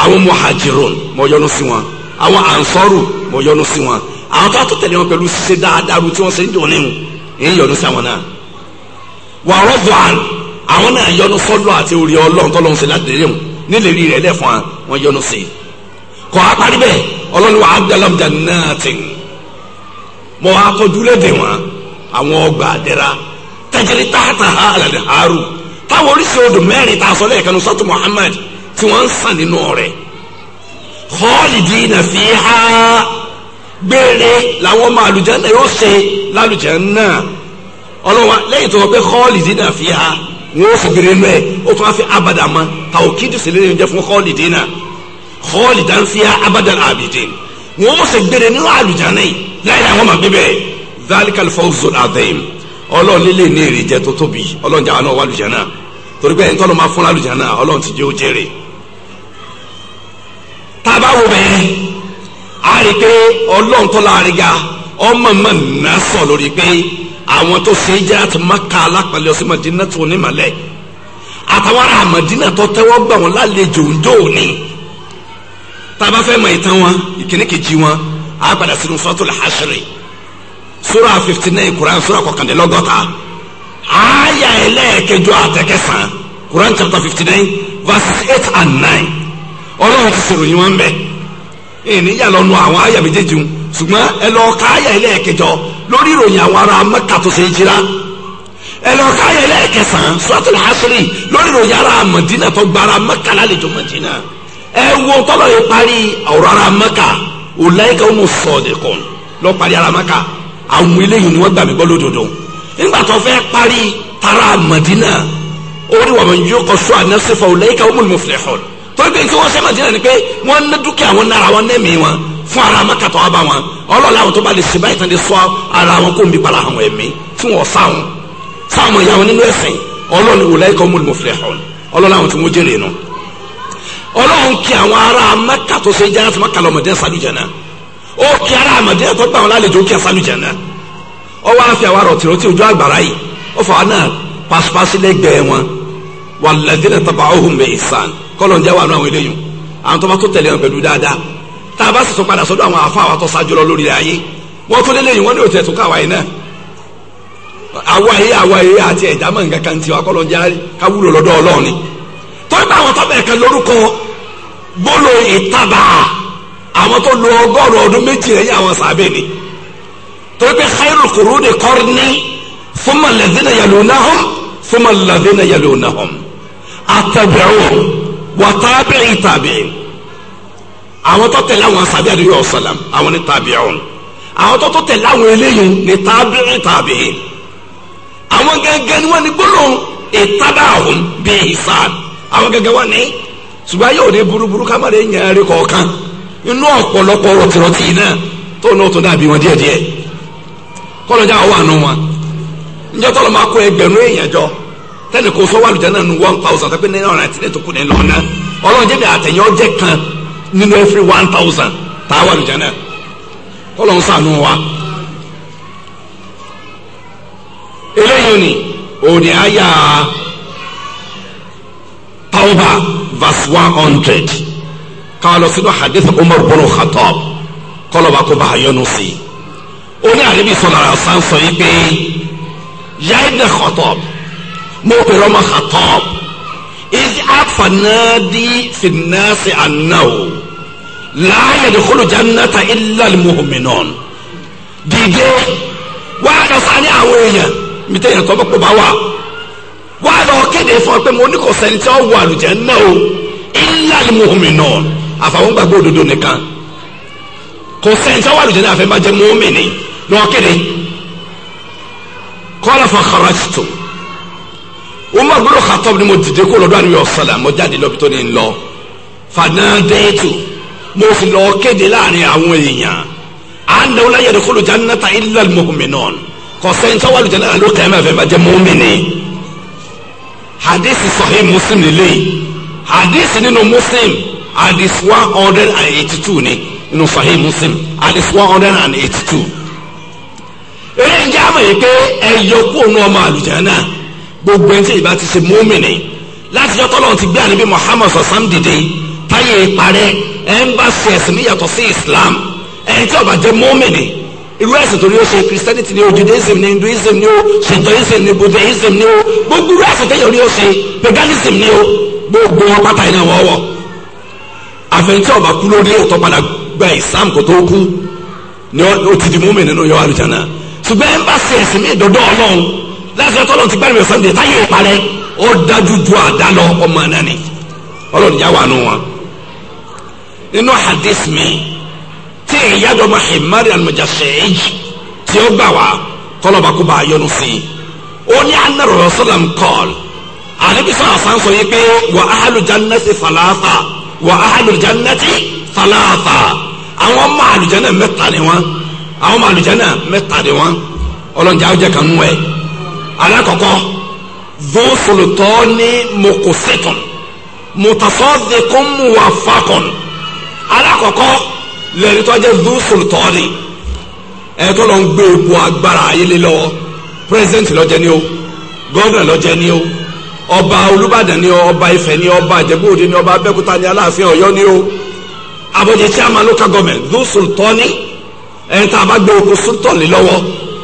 àwọn muhajirun mo yọ́nú sí wọn àwọn ansoru mo yọ́nú sí wọn àwọn tó àtúntò tẹ̀lé wọn pẹ̀lú ṣe dáadáa tí wọ́n ṣe ń dùn níhùn ń yọ́nú sí àwọn náà wa radu an àwọn náà yọ́nú sọ́dọ̀ àti orí ọlọ́run tọ́lọ́run ṣe láti lè nílè rí rẹ̀ lẹ́fọ̀n à wọ́n sí i kọ́ apárí bẹ́ẹ̀ ọlọ́run wa abdalam jannatin mo akọjú lédè wọn àwọn ọgbà àdẹ́ra tajiri tahata ha alade haru táwọn oríṣi odò mẹ́rin tá a sọ lẹ́ẹ̀kan sọ́tù Muhammad tí wọ́n ń sàn nínú rẹ̀ khalidina fiha gbére làwọn ọmọ àlùjáná yóò ṣe lálùjáná ọlọ́wà lẹ́yìn tó wọ́n pé khalidina fiha wọ́n sì gbére nù ẹ̀ ó tún á fi abada mọ́ tàwọn kíndì sílẹ̀ yẹn jẹ́ fún khalidina khalidan fiha abadan abidin wọ́n sì gbére nínú àlùjáná yìí láyé àwọn ọmọ bíbẹ̀ zalikal fawzul ọlọ́run nílé ní èrè jẹ tó tóbi ọlọ́run jàwá náà wà lùjánà torí pé ntọ́nà máa fún lálùjánà ọlọ́run ti jẹ́ ó jèrè tá a bá wo bẹ́ẹ̀ a rí i pé ọlọ́run tó láàrin ga ọmọ mọ̀ nà sọ lórí pé àwọn tó ṣe é jẹ́ àti maka alápàlẹ́ ọ̀sẹ̀ mọ̀dínà tó onímọ̀lẹ́ àtàwọn ará àmọ̀dínà tó tẹ́wọ́ gbà wọ́n lálejò ńdó òní tá a ìtàn wọn ìkíníkejì wọn á padà sínú sọ́tò sura fifty nine quran sura kọkàndínlọ́gọ́ta aya ẹlẹ́ẹ̀kẹjọ àtẹ̀kẹsàn quran chapter fifty nine verses eight and nine ọlọ́run ti sọ̀rọ̀ yín wọn bẹ̀ ẹ̀ẹ́nì yàlọ́nu àwọn aya méjèèjì ń ṣùgbọ́n ẹ lọ ka aya ẹlẹ́ẹ̀kẹjọ lórí ìròyìn àwọn ará Mẹ́kà tó ṣe é jira ẹ lọ ka aya ẹlẹ́ẹ̀kẹsàn suratul hasri lórí ìròyìn ará Madina tó gba ará lálejò Madina ẹ wo tọ́lọ́ yẹn parí ọ̀rọ̀ ará Mẹ́kà ulaika humus sadiqun lọ́ọ́ parí ará Mẹ́kà àwọn eléyìí ni wọ́n gbà mí gbọ́ lódodo nígbà tó fẹ́ parí tara Madina orí wàmí yóò kọ sọ ànásífà ọ̀lẹ́yìká ọmọ muflihun tó gbé tí wọ́n sẹ́ Madina ni pé wọ́n ná dúkìá wọn nára wọn nẹ́mí wọn fún ara mẹ́kàtà wọn bá wọn ọlọ́lá àwọn tó bá lè ṣe báyìí tán lè sọ ara wọn kó mi para àwọn ẹ̀mí tí wọ́n sáwọn sáwọn ìyá wọn nínú ẹ̀sìn ọlọ́ni ọ̀lẹ́yìká ọmọ muflihun ọlọ́lá àwọn tí wọ́n jèrè nù ọlọ́run kí àwọn ará mẹ́kàtà tó ṣe jẹ́ ó kí ara àmọ̀dé ẹ̀tọ́ gbà wọn lálejò ó kí ẹ̀fọ́ àlùjẹ̀ náà ó wá fi ojú àgbàrá yìí ó fà wọn náà pasipasi lẹ́gbẹ̀ẹ́ wọn kọ́lọ̀ wà nù àwọn eléyìí àwọn tó bá tó tẹ̀lé wọn pẹ̀lú dáadáa a bá sì tún padà sọ́dọ̀ àwọn afọ àwọn lórí ayé wọ́n tún wọ́n ní àwọn tó lo ọgọ́rùn ọdún méjì lẹ́yìn àwọn sàbẹ̀ ni torí pé khairul quruni qarni thumma alladhina yalunahum thumma alladhina yalunahum àtàbẹ̀wò wà tábìrì tábìrì àwọn tó tẹ̀lé àwọn sàbẹ̀ àdúyọ̀ ọ̀sálàm àwọn ní tábìrì àwọn tó tó tẹ̀lé àwọn eléyìí ní tábìrì tábìrì àwọn gẹ́gẹ́ ni wọ́n ní gbólóhùn ìtàdáhùn bíi ìsáàd àwọn gẹ́gẹ́ wọ́n ní ṣùgbọ́n ayé òde burúburú ká má inú ọ̀pọ̀lọpọ̀ rọ̀tìrọ̀tì náà tó náà tó dàbí wọn díẹ̀díẹ̀ kọ́lọ́jà wà nù wọn njẹ́ tọ́lọ́ máa kó ẹgbẹ̀rún èèyàn jọ tẹ́lẹ̀ kó sọ́wọ́ àlùjá náà nù one thousand tẹ́pẹ́ nínú ọ̀rẹ́ àti ẹ̀tọ́kù nínú ọ̀nà ọlọ́run jẹ́bi àtẹ̀yìn ọjẹ́ kan nínú every one thousand tá a wà àlùjá náà kọ́lọ́ ń sànù wa. eléyìí ni òní àyà tauba verse one hundred ká lọ sínú hadith umar bin khattab kọlọba kó bá yọnu sí i ó ní àlebi sọlá asan sọ yìí pé yáa ibn khattab mo pè ọmọ khattab ìdí afanadi finnasi anáwó láàyè dìkúlù jannata illa almu'minun dìde wàá lọ sáré àwọn èèyàn mi tẹ̀yẹ̀ tó bá kó bá wà wàá kéde fún pé mo ní kò sẹ́ni tí náà o illa almu'minun àfàwọn gbàgbọ́ òdodo nìkan kò sẹ́ńtà wà lùjẹ́ náà fẹ́ máa jẹ́ mọ́mìnì lọ́wọ́ kéde kọ́lá fún akaraṣitò umar gbọdọ̀ Khattab ni mo dìde kó lọ́dọ̀ àníbi ọ̀sálà mo jáde lọ́bi tó ní ń lọ fanadẹ́tù mo sì lọ kéde láàrin àwọn èèyàn àndàwọ̀ láyé ẹ̀dẹ̀ kólú jannata illa al-mu'minun kò sẹ́ńtà wà lùjẹ́ náà ló kẹ́ máa fẹ́ máa jẹ́ mọ́mìnì hadisi sahih muslim lélẹ́yìn hadisi nínú muslim hadith one hundred and eighty two ni nínú sahih muslim hadith one hundred and eighty two eré ń jáàmù yìí pé ẹyọ kóònù ọmọ àlùjáná gbogbo ẹni tí ìbá ti ṣe mọ́mìnì láti yọ tọ́lọ́ ti gbé àníbí muhammad sọ̀sán dìde táyé parẹ́ ẹ̀ ń bá ṣe ẹ̀sìn níyàtọ̀ sí islam ẹ̀ tí ó bá jẹ́ mọ́mìnì irú ẹ̀sìn torí ó ṣe christianity ni o judaism ni hinduism ni o shintoism ni buddhism ni o gbogbo irú ẹ̀sìn tẹ́yọ̀ ni ó ṣe paganism ni o gbogbo pátá iná wọ́wọ́ àmọ́ tí ọba kú lórí òótọ́ padà gba ìsám kò tó kú ni ó ti di mú mi nínú yọ àlùjáná ṣùgbọ́n ẹ ń bá ẹ̀sìn mi dọ́dọ́ ọlọ́run láti ọtọ́ lọ́n ti bá rẹ̀ sànńdẹ̀ táyé ìparẹ́ ó dájú ju àdá ọmọ náà ọlọ́run yà wà nù wọn. nínú hadith mi tí ìyájọ́ ma himari al-Mujashshij tí ó gbà wá kọ́lọ́ba kó bá a yọnu sí i ó ní anarọ̀ sọ́lá ń kọ́ọ̀lù àlébísọ̀ àsánsọ yìí pé wà áhàlù jannati fàlàfà wa alùjánẹ́tì fàlàfà àwọn ọmọ alùjánẹ́ mẹ́ta ni wọ́n àwọn ọmọ alùjánẹ́ mẹ́ta ni wọ́n ọlọ́njà ọjà kan nù ẹ̀ alákọ̀ọ́kọ́ zọ́sọ̀lùtọ́ ní mokosẹ́tọ̀n mutasọ́dẹ̀kùn muwafakọ̀n alákọ̀ọ́kọ́ lẹ́yìntọ́jẹ́ zọ́sọ̀lùtọ́ ni ẹ̀tọ́ lọ ń gbé ipò agbára ayé president lọ́jẹ́ ni ó gọ́ọ̀nà lọ́jẹ́ ni ó ọba olùbàdàn ni ọba ife ni ọba àjẹbóòde ni ọba abẹ́kúta ni aláàfin ọ̀yọ́ ni o abọ́jẹ chairman local government ló ni ẹni tá a bá gbé oko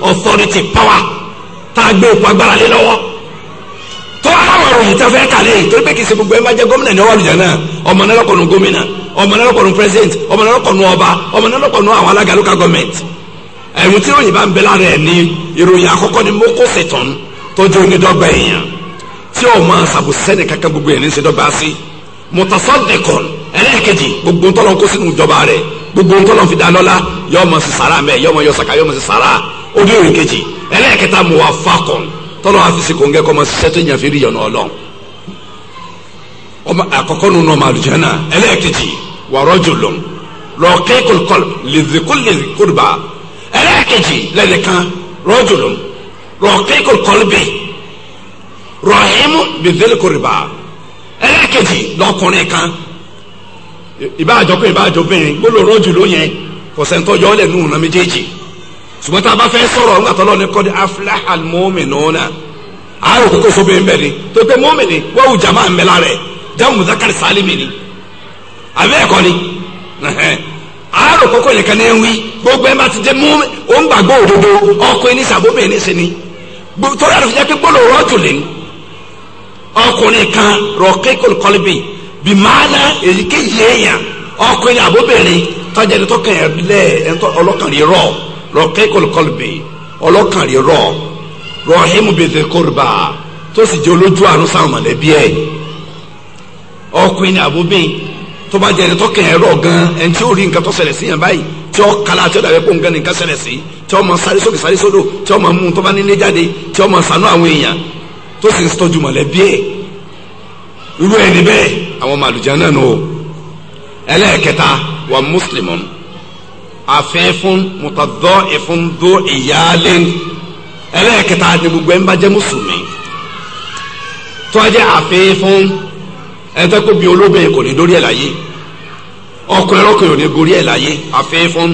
authority power tá a gbé oko agbára lé lọ́wọ́ tó aláwọ̀ ròyìn tá fẹ́ kàlẹ́ yìí torí pé kìí ṣe gbogbo ẹ jẹ́ gómìnà ní náà ọmọ gómìnà ọmọ president ọmọ ọba ọmọ náà àwọn alága ẹ̀rù tí ròyìn bá ń tí o máa sàbòsẹ́ni kankan gbogbo yẹn ní sèdọ́gba sí mutasaddiqun ẹlẹ́ẹ̀kejì gbogbo ntọ́lọ́ kó sínú ìjọba rẹ̀ gbogbo ntọ́lọ́ fi dáná la yọ ọmọ sí sàrà mẹ́ yọ ọmọ yọ sàkà yọ ọmọ sí sàrà ó dé òrìn kejì ẹlẹ́ẹ̀kẹta muwafaqun tọ́lọ́ àfisí kò ń gẹ́kọ́ ọmọ sísẹ́ tó yàn fi rí yọ̀nà ọlọ́ ọmọ àkọ́kọ́ nínú ọmọ àlùjáná ẹlẹ́ẹ̀kejì wa rajulun raqiqul qalb lidhikulli qurba ẹlẹ́ẹ̀kejì lẹ́nìkan rajulun rahimu bìtẹ́lẹ̀ kòrìbà ẹlẹ́kejì lọkùnrin kan ìbáàjọkùn ìbáàjọbìnrin gbólóró jùlọ yẹn kò sẹ́ńtọ́ yọ ọ́ lẹ̀ nù ọ̀nà méjèèjì ṣùgbọ́n tá a bá fẹ́ sọ̀rọ̀ nígbà tó lọ ní kọ́ni aflahal mu'minuna àárò kókó sóbi ń bẹ̀ ni tó pé mọ́mìnì wọ́n wù jàmá ń bẹ̀ lára ẹ̀ jàmù mùzákàrì sálímì ni àbẹ́ ẹ̀kọ́ ni àárò kókó nìkan ní wí gbogbo ẹ̀ máa ti jẹ́ ọkùnrin kan rọ̀kẹ́kọ̀ọ́ kọ́líbì bí màánà èyíkéyìí èèyàn ọkùnrin àbóbìnrin tọ́jà ẹni tó kẹ̀yà bílẹ̀ ẹni tó ọlọ́kàn rí rọ̀ rọ̀kẹ́kọ̀ọ́ kọ́líbì ọlọ́kàn rí rọ̀ rọ̀hìmù bèzè kórìbà tó sì jẹ́ olójú àánú sáwọn mọ̀lẹ́bí ẹ̀ ọkùnrin àbóbìnrin tó bá jẹ́ ẹni tó kẹ̀yà rọ̀ gan ẹni tí ó rí nǹkan tó ṣẹlẹ̀ sí yẹn báyìí tí ó kala tí ó dàbí pé nǹkan nǹkan ṣẹlẹ̀ sí tí ó tó sì ń tọ́jú mọ̀lẹ́bí ẹ̀ irú ẹni bẹ́ẹ̀ àwọn màlúùjá náà nù o ẹlẹ́ẹ̀kẹta wà mùsùlùmọ́n afẹ́fún mùtàdọ́ ìfúndó ìyáálé ẹlẹ́ẹ̀kẹta ni gbogbo ẹ̀ ń bá jẹ́ mùsùlùmí tó a jẹ́ afẹ́fún ẹ̀ńtẹ́ kó bí olóbìnrin kò ní dórí ẹ̀ láyé ọkùnrin ọkùnrin ò ní gorí ẹ̀ láyé afẹ́fún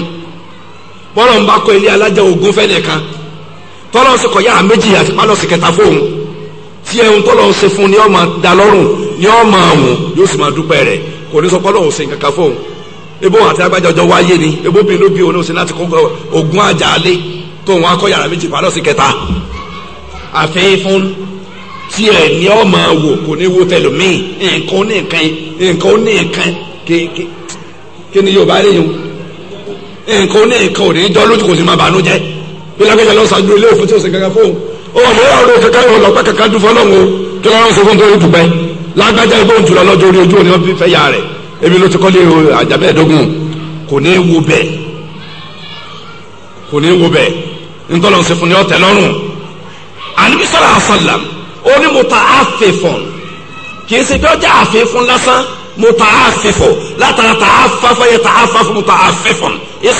bọ́lọ̀ ń bá kọ́ ilé alájà ogún fẹ́ nìkan tọ́lọ́sì kọ̀ yára àti pálọ̀sì kẹta fóun tí ẹ̀hún tó lọ́wọ́ se fún ni ó máa dá lọ́rùn ni ó máa wùn yóò sì máa dúpẹ́ rẹ̀ kò ní sọ pé Ọlọ́run ṣe nǹkan kan fóun ebó àti agbájá ọjọ́ wáyé ni ebó bíi ló bí òun ṣe láti kó ogun àjàlé tó wọn akọ yàrá méjì fà lọ́sí kẹta àfihàn fún tí ẹ̀ ni ó máa wò kò ní wo tẹlòmíì nǹkan ní nǹkan nǹkan ní nǹkan kí ni yóò bá rí yun nǹkan ní nǹkan ò ní jọ́ lójú kò sì máa bànújẹ́ bí lágbèjà lọ́sàn-án òun ní ọ̀rọ̀ òfin kárí wọn lọ́pẹ́ kankan dúfọ́ lọ́wọ́ kí lọ́rọ́ ṣe fún torí dùpẹ́ lágbájá igbó ntúlọ lọ́jọ́ orí ojú òní wọn fi fẹ́ ya rẹ̀ èmi ló ti kọ́lé àjàmẹ́ẹ̀dógún kò ní wo bẹ́ẹ̀ kò ní wo bẹ́ẹ̀ ntọ́lọ́ ṣe fún ní ọ̀tẹ̀ lọ́rùn alimisala asalam ó mota mo ta àfẹ́ fún kì í ṣe pé ọjà àfẹ́ fún lásán mo ta àfẹ́ fún látara ta àfáfáyẹ ta àfáfún mo ta àfẹ́ fún yẹ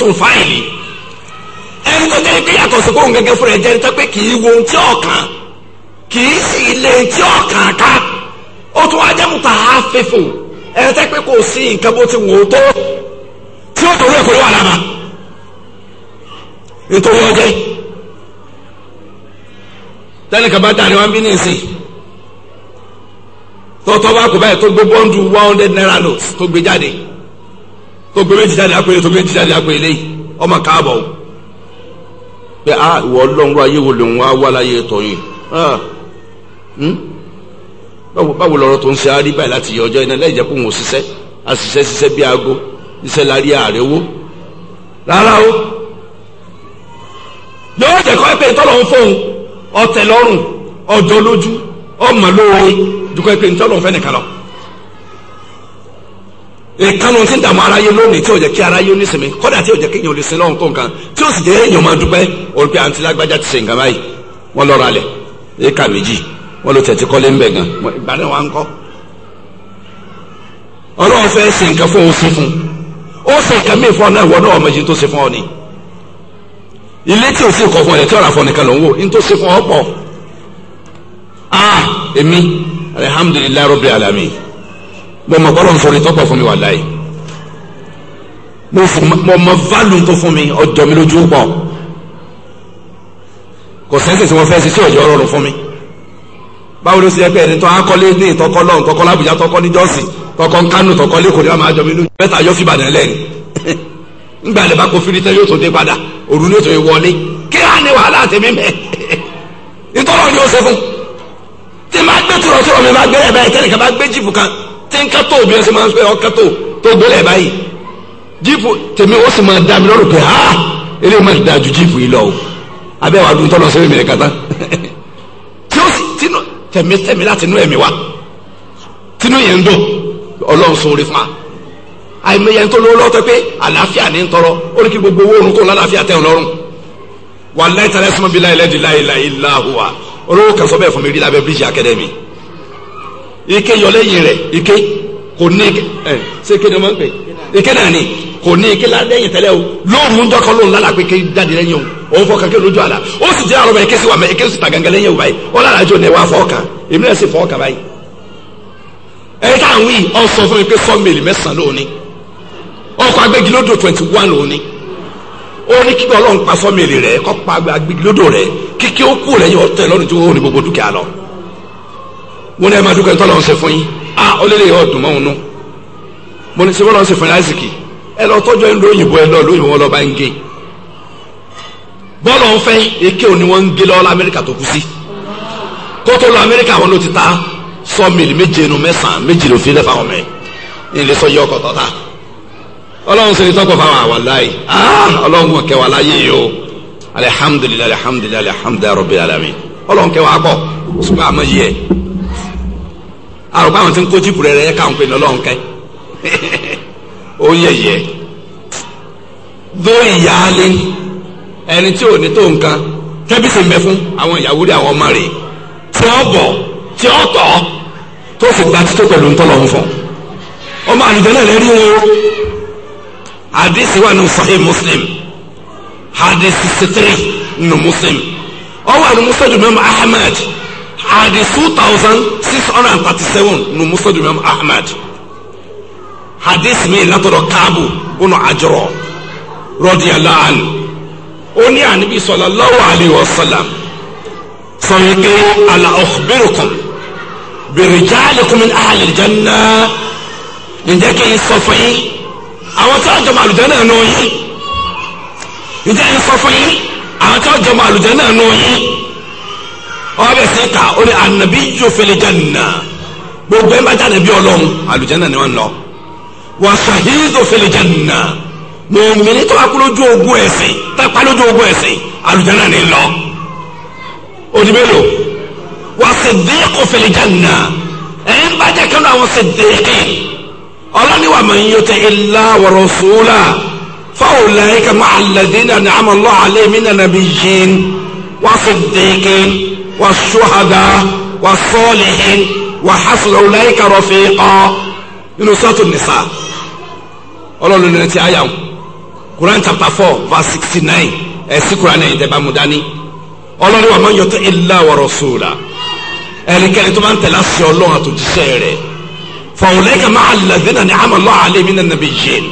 ẹni tó tẹ́lẹ̀ pé yàtọ̀ sí kóhùn gẹ́gẹ́ fúnra ẹ̀ jẹ́ níta pé kì í wo ohun tí ọ̀kan kì í sì lè tí ọ̀kan ká ó tún wá jẹ́mu tà á fi fún ẹni tẹ́ pé kò sí nǹkan bó ti wò ó tó tí ó torí ẹ̀kọ́ wà lára nítorí ọjẹ́ tẹ́lẹ̀ kaba dàrí wọn bí ní ìsìn tọ́tọ́ wa kò báyìí tó gbé bọ́ńdù one hundred naira note tó gbé jáde tó gbé méjì jáde àpò eléyìí tó gbé méjì jáde àpò eléyìí ọmọ káàbọ̀ o pé a ah, ìwọ ọlọ́run ayé wo lòun wá wá láyé tọ̀yìn ah, hmm? báwo lọ́rọ̀ tó ń ṣe àárí báyìí láti yọ ọjọ́ iná lẹ́yìn jẹ́ kó wọn ò ṣiṣẹ́ àṣìṣe aago ṣiṣẹ́ lárí ààrẹ owó rárá o yọ̀ọ́ jẹ́ kọ́ ẹ pé tọ́lọ̀ ń fóun ọ̀tẹ̀ lọ́rùn ọjọ́ lójú ọmọ lóore dùkọ́ ẹ pé tọ́lọ̀ ń fẹ́ nìkan lọ ìkànnì tí ń dààmú aráyé lónìí tí ò jẹ́ kí aráyé onísìnmi kọ́dà tí ò jẹ́ kí èèyàn lè sin lọ́hùn tó nǹkan tí ó sì jẹ́ èèyàn máa dúpẹ́ orí pé àǹtí lágbájá ti ṣe nǹkan báyìí wọ́n lọ ralẹ̀ éka méjì wọ́n lọ tẹ̀tí kọ́lé ńbẹ̀ gan ìgbà náà wà ń kọ́. ọlọ́run fẹ́ sin nǹkan fún òun fún ó sin nǹkan míì fún ọ náà wọ́n náà ọmọ yìí tó ṣe fún ọ ni ilé tí o ah èmi alihamudulilayi rabbil alamin mo mọ̀ kọ́lọ́ nsọ̀rọ̀ tó pọ̀ fún mi wà láyé mo sì mọ̀ mọ̀ válù tó fún mi ọjọ́ mi lójú pọ̀ kò sẹ́ńsì tí mo fẹ́ ṣe sí ọjọ́ rọrùn fún mi báwo ló ṣe yẹ pé ẹni tó akọ́lé ní ìtọ́kọ́ lọ́hùn tọkọ́ lábùjá tọkọ́ ní jọ́sìn tọkọ́ nkánú tọkọ́ lẹ́kọ̀ọ́ ni wọ́n máa jọ mi lójú mẹ́ta yọ fìbàdàn lẹ́yìn ngbà lè ba kó firitẹ́ yóò tó dé padà òru ni yóò tó yẹ wọlé kí á ní wàhálà tèmi mẹ́ ìtọ́lọ́ ni ó ṣe fún tí máa gbé tùrọ̀tùrọ̀ mi máa gbé ẹ̀bẹ̀ kẹ́nìkan máa gbé jìbù kan tí ń kátó bí wọn ṣe máa ń pẹ ọ kátó tó gbélé báyìí jíìpù tèmi ó sì máa dá mi pé ha ah, eléyìí máa da ju jíìpù yìí lọ o abẹ́ wàá dùn tọ́lọ́ sẹ́mi mìíràn kátá tí ó sì tinú tẹ̀mí tẹ̀mí láti inú ẹ̀mí wa tinú yẹn ń dùn ọlọ́run sóore fún wa àìmọye ń tó lówó lọ́tọ́ pé àlàáfíà ní ń tọrọ ó ní kí gbogbo owó òun tó lálàáfíà tẹ̀ ọlọ́run wàláìtàlẹ́sìmọ́bí láìlẹ́dì láìláìláhùwà olówó kan sọ bẹ́ẹ̀ fún mi rí lábẹ́ bíríjì akadẹ́mì ike yọlẹ́yìn rẹ̀ ike kò ní ike ẹ ṣé ike ni wọ́n pè ike náà ni kò ní ike lẹ́yìn tẹ́lẹ̀ o lóòrùn ń dọ́kọ́ lóòrùn lálàpé ike jáde lẹ́yìn o òun fọkàn kí lójú àlà ó sì jẹ́ àrọ̀bẹ̀ ike sì wà mẹ́ ike sì tàgàngà lẹ́yìn o báyìí ó lára jò ní wa fọ́ọ̀kan èmi náà sì fọ́ọ̀kan báyìí ẹ káwọn yìí ọ sọ fún mi pé sọ́ọ̀mìlì mẹ́sàn-án lónìí ọkọ̀ agbẹ́gilódò twenty one lónìí ó ní kíkọ́ ọlọ́run pa sọ́mìlì rẹ̀ kọ́ pa agbègbè lódò kíkí ó kú rẹ̀ yọ ọtẹ lọ́rùn tí ó ní gbogbo dúkìá lọ wọn lẹ́yìn máa dúpẹ́ ntọ́ lọ́wọ́ ṣe fún yín a ó lé lè yọ ọdún mọ́ òun nù mo ní sẹ́wọ́n lọ́wọ́ ṣe fún láìsìkì ẹ lọ tọ́jú ẹ lóyìn bọ́ ẹ lọ lóyìn wọn lọ́ba ń gé bọ́ọ̀lù ọ̀fẹ́ èké òní wọn ń gé lọ́wọ́ lọ Amẹ́ríkà tó kú sí kótó lọ Amẹ́ríkà wọn ló ti ta sọ́ọ̀mìlì méje nu mẹ́sàn-án méje ló fi lẹ́fà wọn mẹ́ ilé sọ yọ ọkọ̀ tọ́ta ọlọ́run sọ ni tọ́kọ̀ fáwọn àwọn láyé ọlọ́run wọn kẹwàá láyé yìí o alihamdulilayi alihamdulilayi alihamdulilayi rabbil alamin ọlọ́run kẹwàá kọ́ ṣùgbọ́n àmọ́ yìí ẹ̀ àrùn báwọn ti ń kó jíìpù rẹ rẹ káwọn pè ní ọlọ́run kẹ́ ó yẹ yẹ lórí ìyáálé ẹni tí ò ní tó nǹkan tẹ́bí sì ń bẹ fún àwọn ìyàwó rẹ àwọn ọmọ rẹ tí ó bọ̀ tí ó tọ̀ tó sì gba tító pẹ̀lú ntọ́lọ̀ ń fọ ọmọ àlùjọ náà lẹ́rí o àdìsí wà nù Sahih Muslim àdìsí sitiri nù Muslim ọwọ́ àdìmúsọ̀dù mẹ́mọ́ Ahmad hadith two thousand six hundred and thirty-seven nu musadu imam ahmad hadith mi látọ̀dọ̀ káàbù ọ̀nà àjọrọ̀ radiyallahu anhu ó ní ànábi sallallahu alayhi wa sallam sọ wípé ala ukhbirukum bi rijalikum min ahli al-jannah ǹjẹ́ kí tí wọ́n jọmọ àlùjẹ́ náà nù yín ǹjẹ́ n sọ tí wọ́n jọmọ àlùjẹ́ náà nù ọba bẹ sí ta ó ní anabi yóò fẹlẹ janna gbogbo ẹ bá jáde bí Ọlọ́run àlùjánnà ni wọn lọ wà sàhíìzò fẹlẹ janna mọ̀mìnì tó akú lójú ogun ẹ̀sìn tápá lójú ogun ẹ̀sìn àlùjánnà ni lọ òdìbò lò wà sèdèkò fẹlẹ janna ẹ ń bá jẹ kánú àwọn sèdèkè ọlọ́niwà máa ń yọ tẹ ilá wọ̀rọ̀ sùúlà fáwọn làyíkà máa lẹ́dínà ní àmàlọ́ àlẹ́ mi nà nàbí yín wà sèdèkè. والشهداء والصالحين وحسن أولئك رفيقا nínú sọ́ọ̀tù nìsa ọlọ́run ní ti àyà Quran chapter four verse sixty nine ẹ̀sìn Quran ẹ̀yìn tẹ́bà mú dání ọlọ́run wà máa ń yọ tó ilé àwọ̀rọ̀ sóòlà ẹnikẹ́ni tó máa ń tẹ̀lé àṣẹ ọlọ́run àtòjíṣẹ́ rẹ̀ fọ̀wọ́lẹ́kẹ̀ máa lẹ́dínà ní àmàlọ́ àlẹ́ mi nínú ibi yìí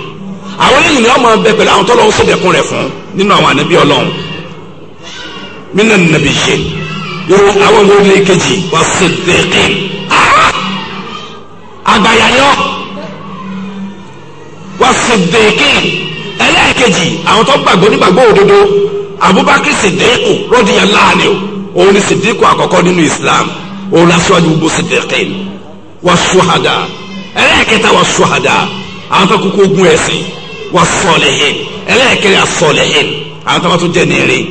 àwọn ènìyàn ni wọ́n máa bẹ pẹ̀lú àwọn tọ́lọ́run sọ̀dẹ̀kùn rẹ̀ fún nínú àwọn ànábì ọlọ́run mi nínú ibi yìí yóò àwọn yóò lé kejì wọ́n sì bèèrè àgbàyàyọ́ wọ́n sì bèèrè ẹlẹ́ẹ̀kejì àwọn tó gbàgbọ́ nígbàgbọ́ òdodo Abubakar Sidiku rọ́dìyà láàánú òun ni Sidiku àkọ́kọ́ nínú Islam òun lásìwájú gbogbo Sidiku wọ́n sùhàdà ẹlẹ́ẹ̀kẹta wọ́n sùhàdà àwọn tó kúkú ogun ẹ̀sìn wọ́n sọ̀lẹ̀hìn ẹlẹ́ẹ̀kẹrẹ àsọ̀lẹ̀hìn àwọn tó bá tún jẹ́ nìyẹn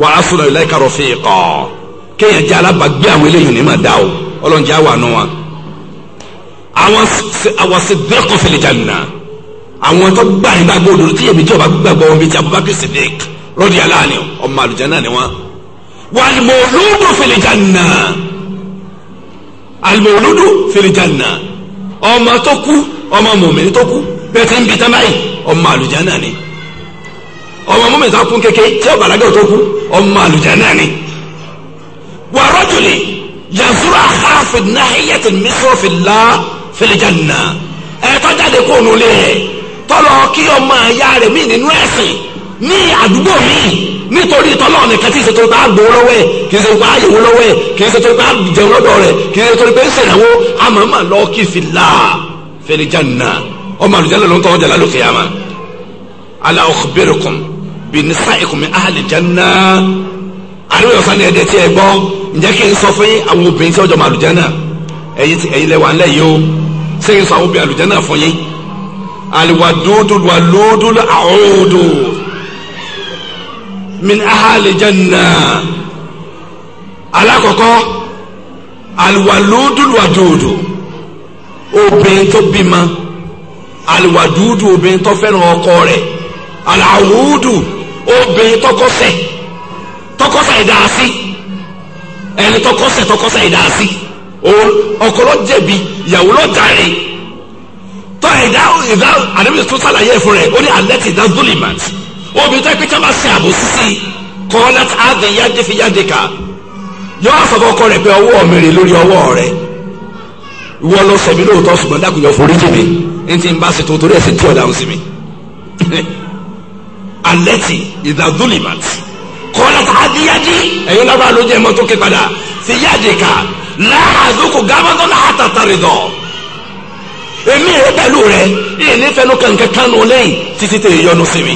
wọ́n asọ̀lẹ̀ ilẹ̀ kàrọ̀ fi kọ́ kéèyàn jẹ́ alábàágbé àwọn eléyìí ní ma dá o ọlọ́run jẹ́ àwọn àna wa àwọn àwọn sèdèkò fìlẹ̀ jàǹdà àwọn tó gbà yín bá gbọ́dọ̀ tí èmi tí o bá gbàgbọ́ wọn bí ti Abubakar Siddiq rọ́ọ̀dì aláàánú ọmọ àlùjáná ni wọn. wà alimọ̀lúdù fìlẹ̀ jàǹdà alimọ̀lúdù fìlẹ̀ jàǹdà ọmọ tó kú ọmọ mọ̀mí tó kú bẹ́ẹ̀ tí ń bi tán báyìí ọmọ àlùjáná ni ọmọ mọ̀mí tó kú kéke tí ọ̀bàlágà wàrọ́jùlì yazuru ahaafi nahiyati misrofila filijanna ẹ̀ẹ́dọ́jáde kó nu lé ẹ̀ tọ́lọ kí ọmọ ẹ̀yà rẹ̀ mí nínú ẹ̀sìn ní àdúgbò mi nítorí tọ́lọ́ nìkan tí ìṣètò bá gbowó lọ́wọ́ ẹ̀ kì í ṣe pé àyẹ̀wò lọ́wọ́ kì í ṣe pé àjẹun lọ́dọ̀ rẹ̀ kì í ṣe pé ṣèrànwó àmọ́mọ́ lọ kí fìlà filijanna ọmọ àlùjáde ló ń tọ́jú ẹ̀lá lókè yàrá ala ukhbirukum bi nisaikum ahli janna àríwá ọ̀sán ni ẹ̀dẹ̀ tí ẹ gbọ́ ǹjẹ́ kí n sọ fún àwọn obìnrin tí ọjọ́ máa lùjẹ́ náà ẹ̀yin tí ẹ̀yin lẹ́wà ńlẹ̀ yìí o ṣé n sọ àwọn obìnrin àlùjẹ́ náà fún yín aliwadudu luwaludu ahudu min ahalijanna alakoko aliwaludu luwadudu obìnrin tó bímọ aliwadudu obìnrin tó fẹ́ràn ọkọ rẹ̀ alahudu obìnrin tọkọsẹ̀ tọkọsẹ̀ dáa sí ẹni tọkọsẹ̀ tọkọsẹ̀ ẹ̀dá sí ọkọ lọ jẹ̀bi ìyàwó lọ jàre tọ́ ẹ̀dá ẹ̀dá àdébíyẹ tó sàlàyé fún rẹ̀ ó ní alẹ́tì ìdá zulimat obìnrin tó ẹ pé tí a bá ṣe àbò sísí kọ́lá tí a dè yáde fi yáde kà yọ àfọwọ́ ọkọ rẹ̀ pé ọwọ́ mi rè lórí ọwọ́ rẹ̀ ìwọ lọ sọ mi lóòótọ́ ṣùgbọ́n dákun forí jì ní ti ń bá ṣètò torí ẹ̀sìn tí ọ̀dà ń sinmi alẹ́tì ìdá kọ́lá adiyadi ẹ̀yin lábàá ló jẹ́ mọ́tò ké padà fi yáde ká láàzókò gámọ́tò láàtàtàrí dọ̀ èmi rẹ pẹ̀lú rẹ èyí ní fẹnu kankan kánú lẹ́yìn títí tẹ̀ yọnu sí mi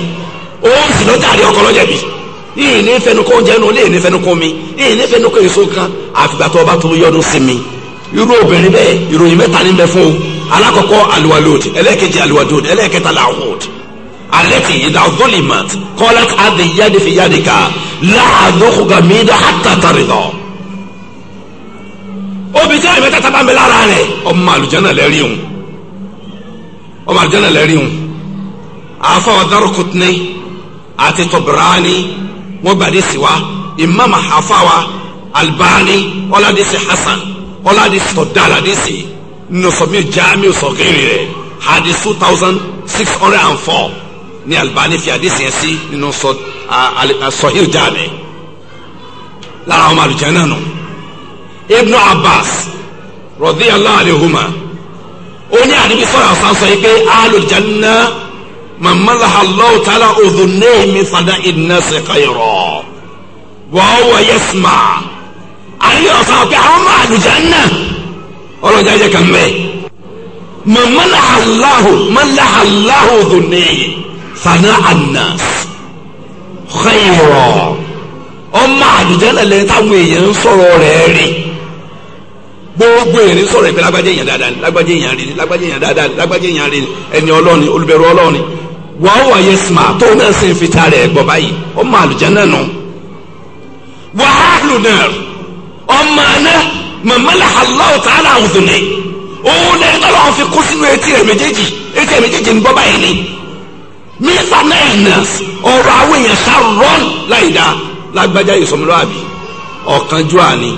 ó ń sì lọ́jà àdé ọkọ̀ lọ́jà bi èyí ní fẹnu kó jẹ́ nu èyí ní fẹnu kó mi èyí ní fẹnu kó èso kan àfìgbà tó ọba tó yọnu sí mi irú obìnrin bẹ́ẹ̀ ìròyìn mẹ́ta ní bẹ fún o alákọ̀ọ́kọ́ aliwalod التي إذا ظلمت قالت هذه يدي في يدك لا أذوقك منها حتى ترضى obi tí àyẹ̀mẹ́ta tá a bá ń bẹ lára rẹ̀ ọmọ àlùjánà lẹ́rí òun ọmọ àlùjánà lẹ́rí òun àfọwọ́ Daraqutni àti Tabrani wọ́n gbàdé sí wa ìmáàmà àfọwọ́ Albani ọ̀làdìsí Hasan ọ̀làdìsí tọ̀dá ọ̀làdìsí nùsọ̀mí jáàmì sọ̀kìrì rẹ̀ two thousand six hundred and four ní Albani fi àdìsí yẹn sí nínú sọhíl jáde lára àwọn àlùjáná nù Ibn Abbas radiyallahu anhuma ó ní àdìbí sọ̀rọ̀ ọ̀sán sọ yìí pé àlùjáná màmáláha Allahu ta'ala udhunayhi min sada'i nnasi khayra wa huwa yasma' àdìbí ọ̀sán pé àwọn ọmọ àlùjáná ọlọ́jà jẹ́ kàn mẹ́ màmáláha Allahu màmáláha Allahu udhunayhi sana anas xeyọrọ ọmọ àlùjẹ́lẹ̀ lẹ́yìn táwọn èèyàn ń sọ̀rọ̀ rẹ̀ rí gbogbo èèyàn ń sọ̀rọ̀ ìpè lágbájá èèyàn dáadáa ni lágbájá èèyàn rí ni lágbájá èèyàn dáadáa ni lágbájá èèyàn rí ni ẹni ọlọ́ọ̀ni olùbẹ̀rù ọlọ́ọ̀ni wọ́n wọ̀ yẹ sùmà tó náà sì ń fi ta rẹ̀ gbọ́ báyìí ọmọ àlùjẹ́lẹ̀ nù wàhálù náà ọmọ aná mọ̀mọ́lá aláwọ̀ tààlà àwùjọ òun náà ń tọ́lọ́ mínísítà náà nọọs ọ̀rọ̀ àwọn èèyàn sá rọn láì dáa lágbájá ìsọmọlúwàbí ọ̀kánjúà ni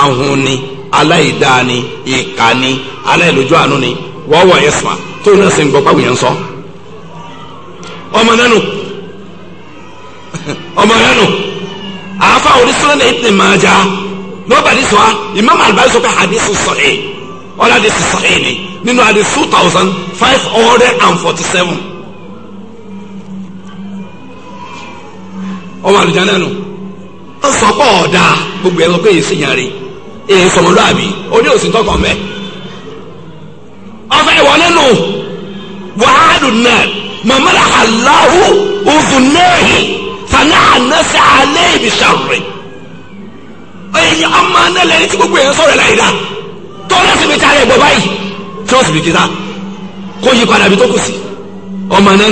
ahun ni aláìdáa ni ìkà ni aláìlójú àánú ni wọ́wọ́ ẹ̀sán tó náà sì ń gbọ́ pàwọ́ yẹn ń sọ. ọmọ nánu ọmọ nánu àáfà onísọ́nà náà ètè máa já nobody sọ á imam alibari sọ pé hadith sahih ọ̀là hadith ni nínú hadith two thousand five hundred and forty seven. ọmọ àlùjáná nù ń sọ pọ̀ ọ̀dà gbogbo ẹ̀rọ pé èsì yàn rí èyí sọmọlúàbí oní òsì tọkàn mẹ́ ọfẹ́ ìwọlé nù wàhálù náà mọ̀mọ́lá aláwọ̀ òfin náà fana anásẹ́ alẹ́ ìbísàrẹ̀ ẹ̀yìn ọmọ náà lẹ́yìn tí gbogbo ẹ̀rọ sọ̀rọ̀ láyìí dá tọ́lá sì fi tààrẹ̀ gbọ́ báyìí tí wọ́n sì fi kíta kó yí padà bí tó kù sí ọmọ náà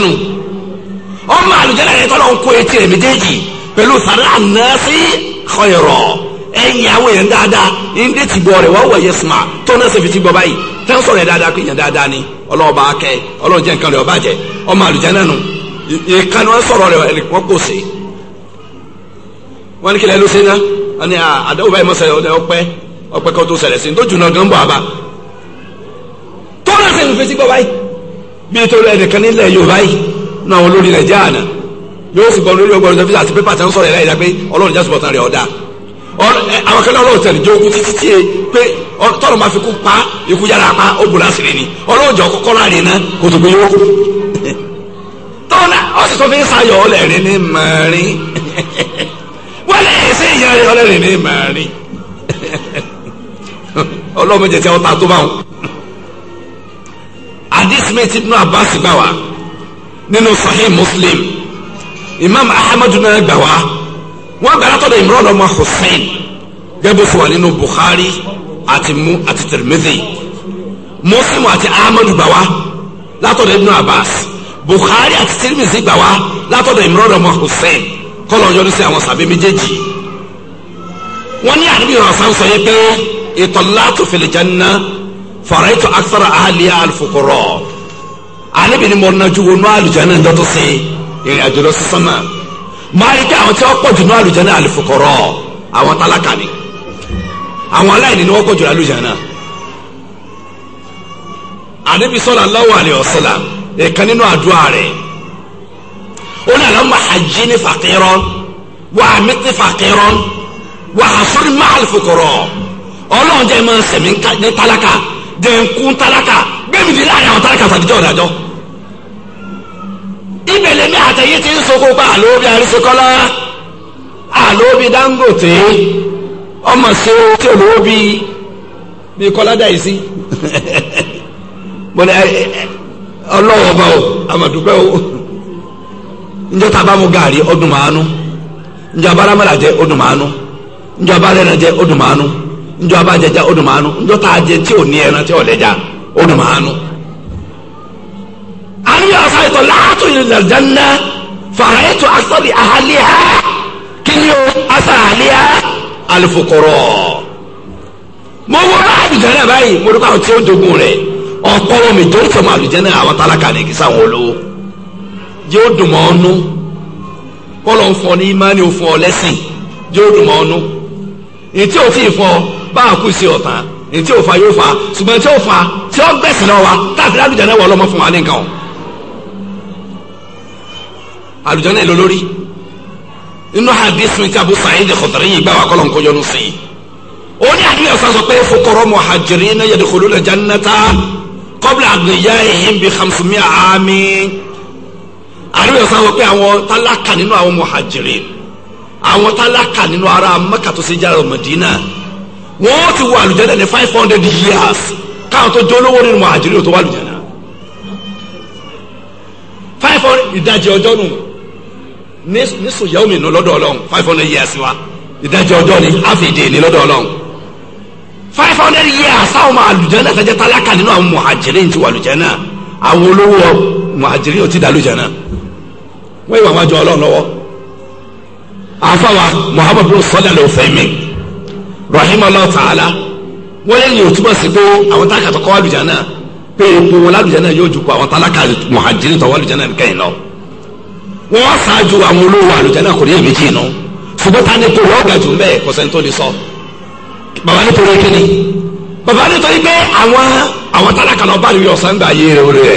ọmọ àlùjẹ́lẹ̀ yẹn tọ́lọ̀ ń kó etí rẹ̀ méjèèjì pẹ̀lú sàrẹ́ àná sí xọyọ̀rọ̀ ẹ̀yìn àwọn èèyàn dáadáa ndé ti bọ̀ rẹ̀ wọ́wọ́ yẹ sùnmà tó náà ṣe fi ti bọ̀ báyìí tẹ́ ń sọ̀rọ̀ yẹn dáadáa pé èèyàn dáadáa ni ọlọ́ọ̀bá akẹ́ ọlọ́ọ̀jẹ́ nǹkan rẹ̀ ọba jẹ́ ọmọ àlùjẹ́lẹ̀ nu ìkan ni wọ́n sọ̀rọ̀ rẹ̀ wọ́n kò sí. wọ́n ní kílẹ̀ ló ṣe ná wọ́n ní àdáwò báyìí mọ̀ sẹ́yìn ọpẹ́ ọpẹ́ kan tó ṣẹlẹ̀ sí ní tó jù náà gan bọ̀ àbá tó náà ṣe fi ti bọ̀ báyìí bí nítorí ẹnìkan nílẹ̀ nínú àwọn olórí rẹ̀ jẹ́ àná yóò sì gbọ́n lórí ọgbọ́n ìjọba àti pépà tí wọ́n sọ̀rọ̀ ẹ̀ láyé pé ọlọ́run jẹ́ àsùnbọ̀tán rẹ̀ ọ̀dà àwọn akẹ́lẹ́ ọlọ́run tẹ̀lé jẹ́ okun títí tí pé tọ́lọ̀ máa fi kú pa ikú yára pa ó bò lásìrì ni ọlọ́run jọ kọ́kọ́ láàrin náà kò tó gbé yóò kú. tọ́lá ọ sì sọ fún sayọ̀ ọlẹ́rìn ní mẹ́rin wọ́n lè ṣe ìyá rẹ̀ ọlẹ́rìn ní mẹ́rin ọlọ́run jẹ̀ tí wọ́n ta tó báwọn. àdìsí mi ti nú àbá sí báwa nínú sahih muslim imam ahmadu náà gbà wá wọ́n gbà látọ̀dọ̀ imran ọmọ hussein gẹ́gẹ́ bó ṣe wà nínú bukhari àti mu àti tirmidhi muslim àti ahmadu gbà wá látọ̀dọ̀ ibn abbas bukhari àti tirmidhi gbà wá látọ̀dọ̀ imran ọmọ hussein kọ́lọ̀ yọrí sí àwọn sàbẹ̀ méjèèjì wọ́n ní àdúgbò ìrọ̀ sáńsọ yẹ pé ìtọ̀lá tó fil janna faraitu akthara ahliya al-fuqara alebi ni mo naju wo nu alujanna ndọtọ si ìrìn àjò lọ sí sánmà máa rí kí àwọn tí wọ́n pọ̀ jù nu alujanna alifukọrọ àwọn tálákà ni àwọn aláìní ni wọ́n pọ̀ jù nu alujanna alebi sallallahu alaihi wasallam ẹ̀kan nínú àdúrà rẹ̀ ó ní àlọ́mọ hajjini faqiran wa amiti faqiran wa hasuri ma alifukọrọ ọlọ́run jẹ́ ìmọ̀ sẹ̀mí ní tálákà jẹ́ ń kú tálákà gbẹ̀mí di láàrin àwọn tálákà àtàdéjọ́ ọ̀dàjọ́. imele mi àtẹ̀yí ti ń sokó pa àlóbi àrísíkọ́lá Dangote ọmọ si o tí olóbi bíi kọ́lá dàí sí bọ́lá ọlọ́wọ́ ọba o àmàdùpẹ́ o njẹ́ tá a mu gàrí ọdún màánú njẹ́ abá rámàlà jẹ ayé ọ̀sán ìtọ̀ láàtò ìrìnàjánná fàáyẹ̀tò asọ́lì àhálíhá kí ni o asọ́ àhálíhá alifokoro mo wọra àlùjáná báyìí mo dúpọ̀ àwọn tí ó dogun rẹ̀ ọ̀pọ̀lọ́ mi tó ń fẹ́ mọ àlùjáná àwọn tálákà ní kìsà wọn olówó jẹ́ ó dùn mọ́ ọ́nú kọ́lọ̀ ń fọ ní imáni ò fọ lẹ́sìn jẹ́ dùn mọ́ ọ́nú ètí ò fọ báà kú sí ọ̀tá ètí ò yóò fa ṣùgbọ́n tí ó tí ó gbẹ̀sìn lọ́wọ́ wa táàkiri àlùjáná wọ̀ ọlọ́mọ fún wa ní nǹkan o àlùjáná ẹ̀ lọ lórí nínú hadith mi kábù Sa'id Khudri yìí gbà wà kọ́lọ̀ nǹkan yọnu sí i ó ní àdúrà ọ̀sán sọ pé fukọrọ muhajirina yadkhuluna jannata qabla aghniyaihim bi khamsimiya ami àdúrà ọ̀sán sọ pé àwọn tálákà nínú àwọn muhajirin àwọn tálákà nínú ara Mẹ́kà tó ṣe jára Mẹdínà wọ́n ti wọ àlùjáná ní five hundred years káwọn tó dolówó nínú muhajirin tó wà àlùjáná five hundred ìdajì ọjọ́ nù ní sòyàwó mi nù lọ́dọ̀ ọlọ́run five hundred years wa ìdájọ́ ọjọ́ ni àfìdè ni lọ́dọ̀ ọlọ́run five hundred years àwọn ọmọ àlùjánnà tẹ́jẹ́ tálákà nínú àwọn mùhàjírìn ti wà àlùjánnà àwọn olówó mùhàjírìn ò ti dà àlùjánnà wọ́n ìwà wájú ọlọ́run lọ́wọ́ àfàwà muhammadu sọ́dọ̀lẹ̀ Rahim Allah ta'ala wọ́n lè yìn òtúbọ̀ sí pé àwọn tálákà tó kọ́ àlùjánnà pé epo wọn lálùjánnà yóò ju pa àwọn tálákà mùhàjírìn tó wà àlùjánnà kẹ́yìn lọ wọ́n ṣáájú àwọn olówó àlùjáná kò rí èmi jì nù ṣùgbọ́n ta ni kò wọ́n gbà jù mbẹ́ kò sẹ́ni tó lè sọ bàbá nítorí kíni bàbá nítorí pé àwọn àwọn tálákà lọ bá nìyọ sàǹgbà yé rẹ rẹ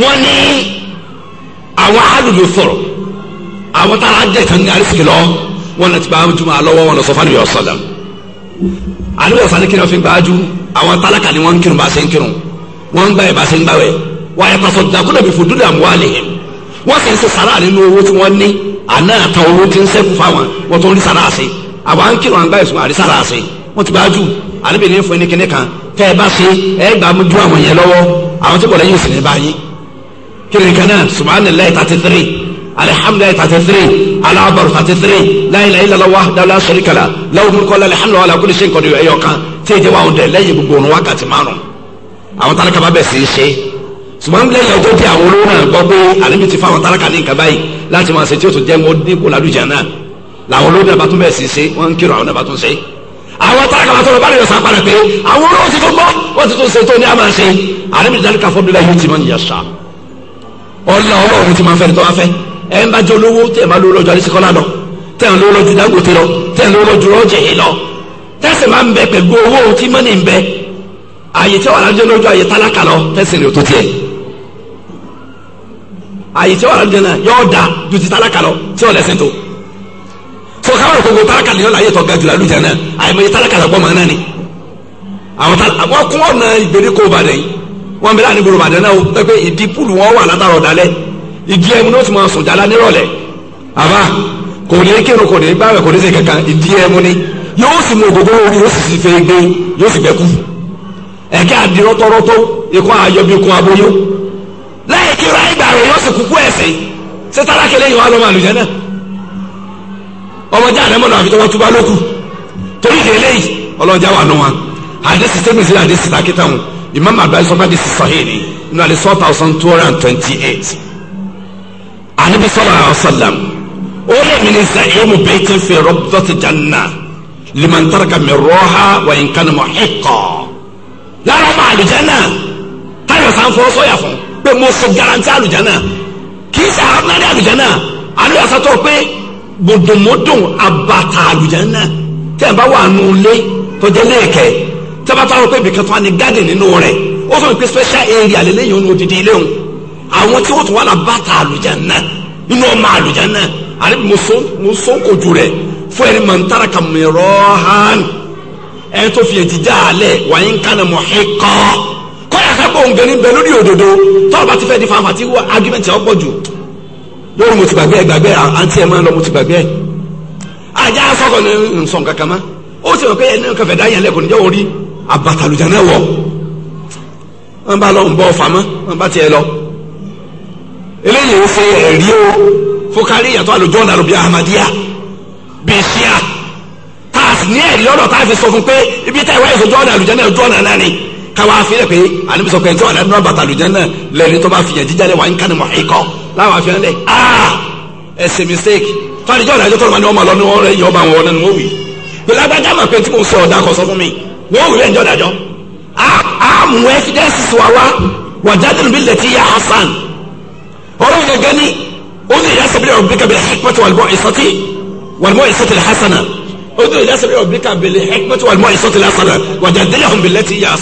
wọ́n ní àwọn alùlù sọ̀rọ̀ àwọn tára jẹ́ kan ní arísìkì lọ wọ́n náà ti bá jùmọ̀ àlọ́wọ́ wọn lọ sọ fánìyọ sọ̀dà àlùyọ̀ sani kí ni wọ́n fi gbájú àwọn tálákà ni wọ́n kírun bá ṣe ń kírun wọ́n ń gbáyẹ̀ bá ṣe ń gbáyẹ̀ wọ́n ayẹ wọ́n sì ń ṣe sàrà nínú owó tí wọ́n ní àná àtàwọn owó tí ń sẹ́kù fáwọn wọ́n tó ń rí sàrà sí àwa ń kírun àgbà ìsùn àrí sàrà sí wọ́n ti bá jù àníbìnrin fún ẹni kíní kan tẹ́ ẹ bá ṣe ẹ gbà mú ju àwọn yẹn lọ́wọ́ àwọn tí bọ̀dọ̀ yóò sì ní báyìí kíni kan náà subhanallah thirty three alhamdulilayi thirty three alahabaru thirty three láyìnlá ilàlá wa dáwọlá sọríkàlà lawumukola alihamdulilayi ala kúndé sèǹkọ̀dé ẹ̀yọ̀ kan tí èdè wa ń dẹ̀ lẹ́yìn gbogbo òun wákàtí márùn-ún àwọn tálákà bá bẹ̀ sí í ṣe é ṣùgbọ́n lẹ́yìn ọjọ́ tí àwọn olówó náà gbọ́ pé àlejò ti fáwọn tálákà ní nǹkan báyìí láti máa ṣe tí ó tún jẹ́ wọn dínkù lálùjá náà làwọn olówó náà bá tún bẹ̀rẹ̀ sí ṣe wọ́n ń kírun àwọn náà bá tún ṣe. àwọn tálákà máa tọrọ bá lè sá padà pé àwọn olówó ti tún gbọ́ wọ́n ti tún ṣe tó ní a máa ṣe àlejò dáríkà fọ́bílà yóò ti máa ń yàṣà ọlọ Ọlọ́run ti máa fẹ́ ni tó wá fẹ́ ẹ ń bá jẹ olówó máa ń bẹ pẹ̀lú owó tí mọ́nì ń bẹ àyè tí wàá lájọ́ lọ́jọ́ àyè tálákà lọ tẹ̀sí ni ò tó tiẹ̀ àyè tí wà lálùjẹ náà yóò da ju ti tálákà lọ tí ò lẹ́sìn tó fún káwọn òkòkò tálákà ni yóò láyè tó ga jù lálùjẹ náà àyèmọye tálákà lọ gbọmọ náà ni àwọn tálákà wọn kún ọ̀nà ìgbèríko Ìbàdàn yìí wọn bẹ̀rẹ̀ àníboro Ìbàdàn náà wọ́n pé ìdí púlù wọn wà látàrọ̀ dalẹ̀ ìdí ẹmu ní o ti máa sùn jàlá nírọ̀lẹ́ àbá kò ní kírun kò ní báwẹ̀ kò ní ṣe kankan ìdí ẹmu ni yóò sì mú ògógó orí yóò sì sì fẹ́ gbé yóò sì gbẹ́kú ẹ̀kẹ́ àdìrọ́tọ́rọ́tọ́ ikú ayọ́bí ikú aboyún àrùn yóò sì kúkú ẹ̀sìn ṣé tálákì lẹ́yìn wa lọ́mọ àlùjẹ́ náà ọmọdé àdámọ́nà àfi tọwọ́ túbá lókù torí ìdè eléyìí ọlọ́jà wà nù wọn àdéṣì tẹ́gbìn sílẹ̀ àdéṣì làkítà wọn Imam Albani sọ́ba àdéṣì sọ̀hìnì nínú àdé four thousand two hundred and twenty eight ànábi sọ̀rọ̀ àwọn sọ̀làm ó lè mi ní sàn yóò mú bẹ́ẹ̀ tẹ́ fi rọ́bùtọ́tì janna liman mi rọ́ha wà nǹkan mọ̀ lára ọmọ àlùjẹ́ náà táyọ̀ sáńfọ́ sọ́yà fún pé mo ṣe garanti àlùjáná kì í ṣe àhánárí àlùjáná àlùyà sọtọ pé gbòdòmódò àbàtà àlùjáná tẹ̀ ń bá wà nù lé tọ́jẹ́ lẹ́ẹ̀kẹ́ tẹ́bátà rò pé ibìkan tó wà garden nínú rẹ̀ ó sọ pé special area lélẹ́yìn òun òdìdí ilé òun àwọn tí wọ́n tún wà lábàtà àlùjáná inú ọmọ àlùjáná àlẹ́ mo sọ kojú rẹ̀ fún ẹni mà ń tara kà hàn ẹni tó fi ètìjà alẹ̀ wàyí ń kánà mọ̀ ẹ́ kọ́ òun gẹ̀ẹ́ni bẹ lórí òdodo tọ́ọ̀ ti fẹ́ di fanfa ti wọ́n argument ẹ̀ ọ̀pọ̀ jù lórí mo ti gbàgbé ẹ̀ gbàgbé àǹtí ẹ̀ máa ń lọ mo ti gbàgbé ẹ̀ ajá sọ̀kọ̀ ní nsọ̀n kankan mọ́ ó ti rò pé ẹni kẹfẹ́ dá yẹn lẹ́kọ̀ọ́ níjọ́ orí àbàtàlùjà náà wọ̀ wọ́n bá lọ ń bọ́ ọ̀fà mọ́ wọ́n bá tiẹ̀ lọ eléyìí ṣe ẹ̀rí o fúkàrí ìyàtọ̀ àlùjọ́ ọ̀nà àlùbí káwa fi rẹ pé àní sọ pé ẹni tó wà lẹ́nu bàtà lùjẹ́ náà lẹ́ni tó bá fi yẹn jíjà lẹ́ wà ń kánni mọ̀ ẹ̀kọ́ láwọn àfihàn lẹ̀ aa ah, ẹsẹ̀ mistake fàdíjọ́ ìdájọ́ tó lọ́mọ ni wọ́n máa lọ ní wọ́n rẹ̀ yọ ọba wọn nínú wọ́n wì pẹ̀lú agbájá mà pé tí mo sọ ọ̀dà kọ sọ fún mi wọ́n wì rẹ̀ ń jọ ìdájọ́ a mú evidence wa wá wà jáde níbi lẹ́tí yá hasan ọ̀rọ̀ gẹ́gẹ́ ni ó ní ìyá sẹ́bílẹ̀ ọ̀bíkà bẹ̀rẹ̀ hikmati wàlúmọ̀ ìsọ́tì wàlúmọ̀ ìsọ́tì hasana ó ní ìyá sẹ́bílẹ̀ ọ̀bíkà bẹ̀rẹ̀ hikmati wàlúmọ̀ ìsọ́tì hasana wà jáde lẹ́hùn bẹ̀rẹ̀ lẹ́tí yá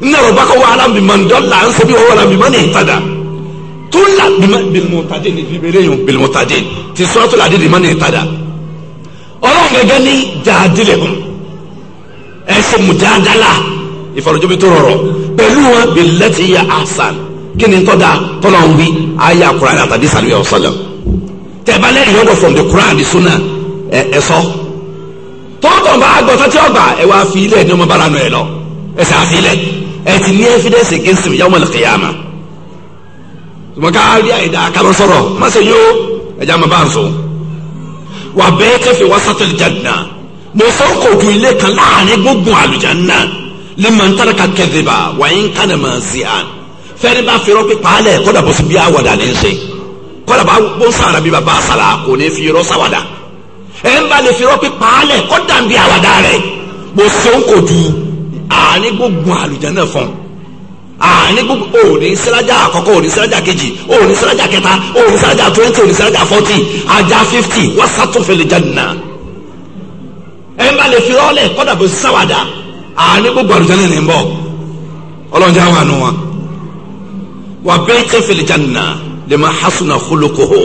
nnẹrọ bá kọ wọ alábi man dọla an sẹbi wọ alábi man ní ìtada tula bilimutade ni bibere yun bilimutade ti suratul adi di man ní ìtada Ọlọ́run gẹ́gẹ́ ní jaadilẹkùn ẹsẹ mujadala ìfarajọbi tó rọrọ pẹ̀lú wọn bilẹti ya asan kí ni tọda tọlọ ń wí ayé akura ní atadi sanu yà ọsọlẹ tẹbalẹ from the Quran the Sunnah ẹ ẹsọ tọtọ bá gbọtọ tí ọgbà ẹ wá fi ilé ẹni ọmọ bára nù ẹ lọ ẹsẹ àfi ilé ẹ ti ní evidence against him yawmal qiyamah ṣùgbọ́n ká rí àyèdá ká lọ sọ̀rọ̀ má ṣe yó ẹja máa bá ń sọ. wà bẹ́ẹ̀ kẹfì wá sátẹ̀lì jàdínà mo fọ́ kò ju ilé kan láàrin gbogbo àlùjànnà lè máa ń tàrà ká kẹfì bá wà yín kánà máa ṣe à fẹ́ẹ́rẹ́ bá fi rọ́pì paálẹ̀ kọ́dà bó bí àwàdà ní í ṣe bá bó sàrà bí bàbá àṣàlà kò ní fi irọ́ sàwàdà ẹ̀ ń lè fi rọ́pì paálẹ̀ kọ́dà bí àwàdà rẹ̀ mo fọ́ àní gbogbo àlùjánnà fún un àní gbogbo òní sílájà àkọ́kọ́ òní sílájà kejì òní sílájà kẹta òní sílájà twenty òní sílájà forty ajá fifty wọ́n sátúnfẹ̀lẹ̀ jánnà ẹ̀ ń bá lè fi rọ́ọ̀lẹ̀ kọ́dà bó sáwàdà àní gbogbo àlùjánnà ní bọ̀ ọlọ́njà wà nù wọn. wà bẹ́ẹ̀ kẹfìlì jánnà lè máa hasuna kólókòó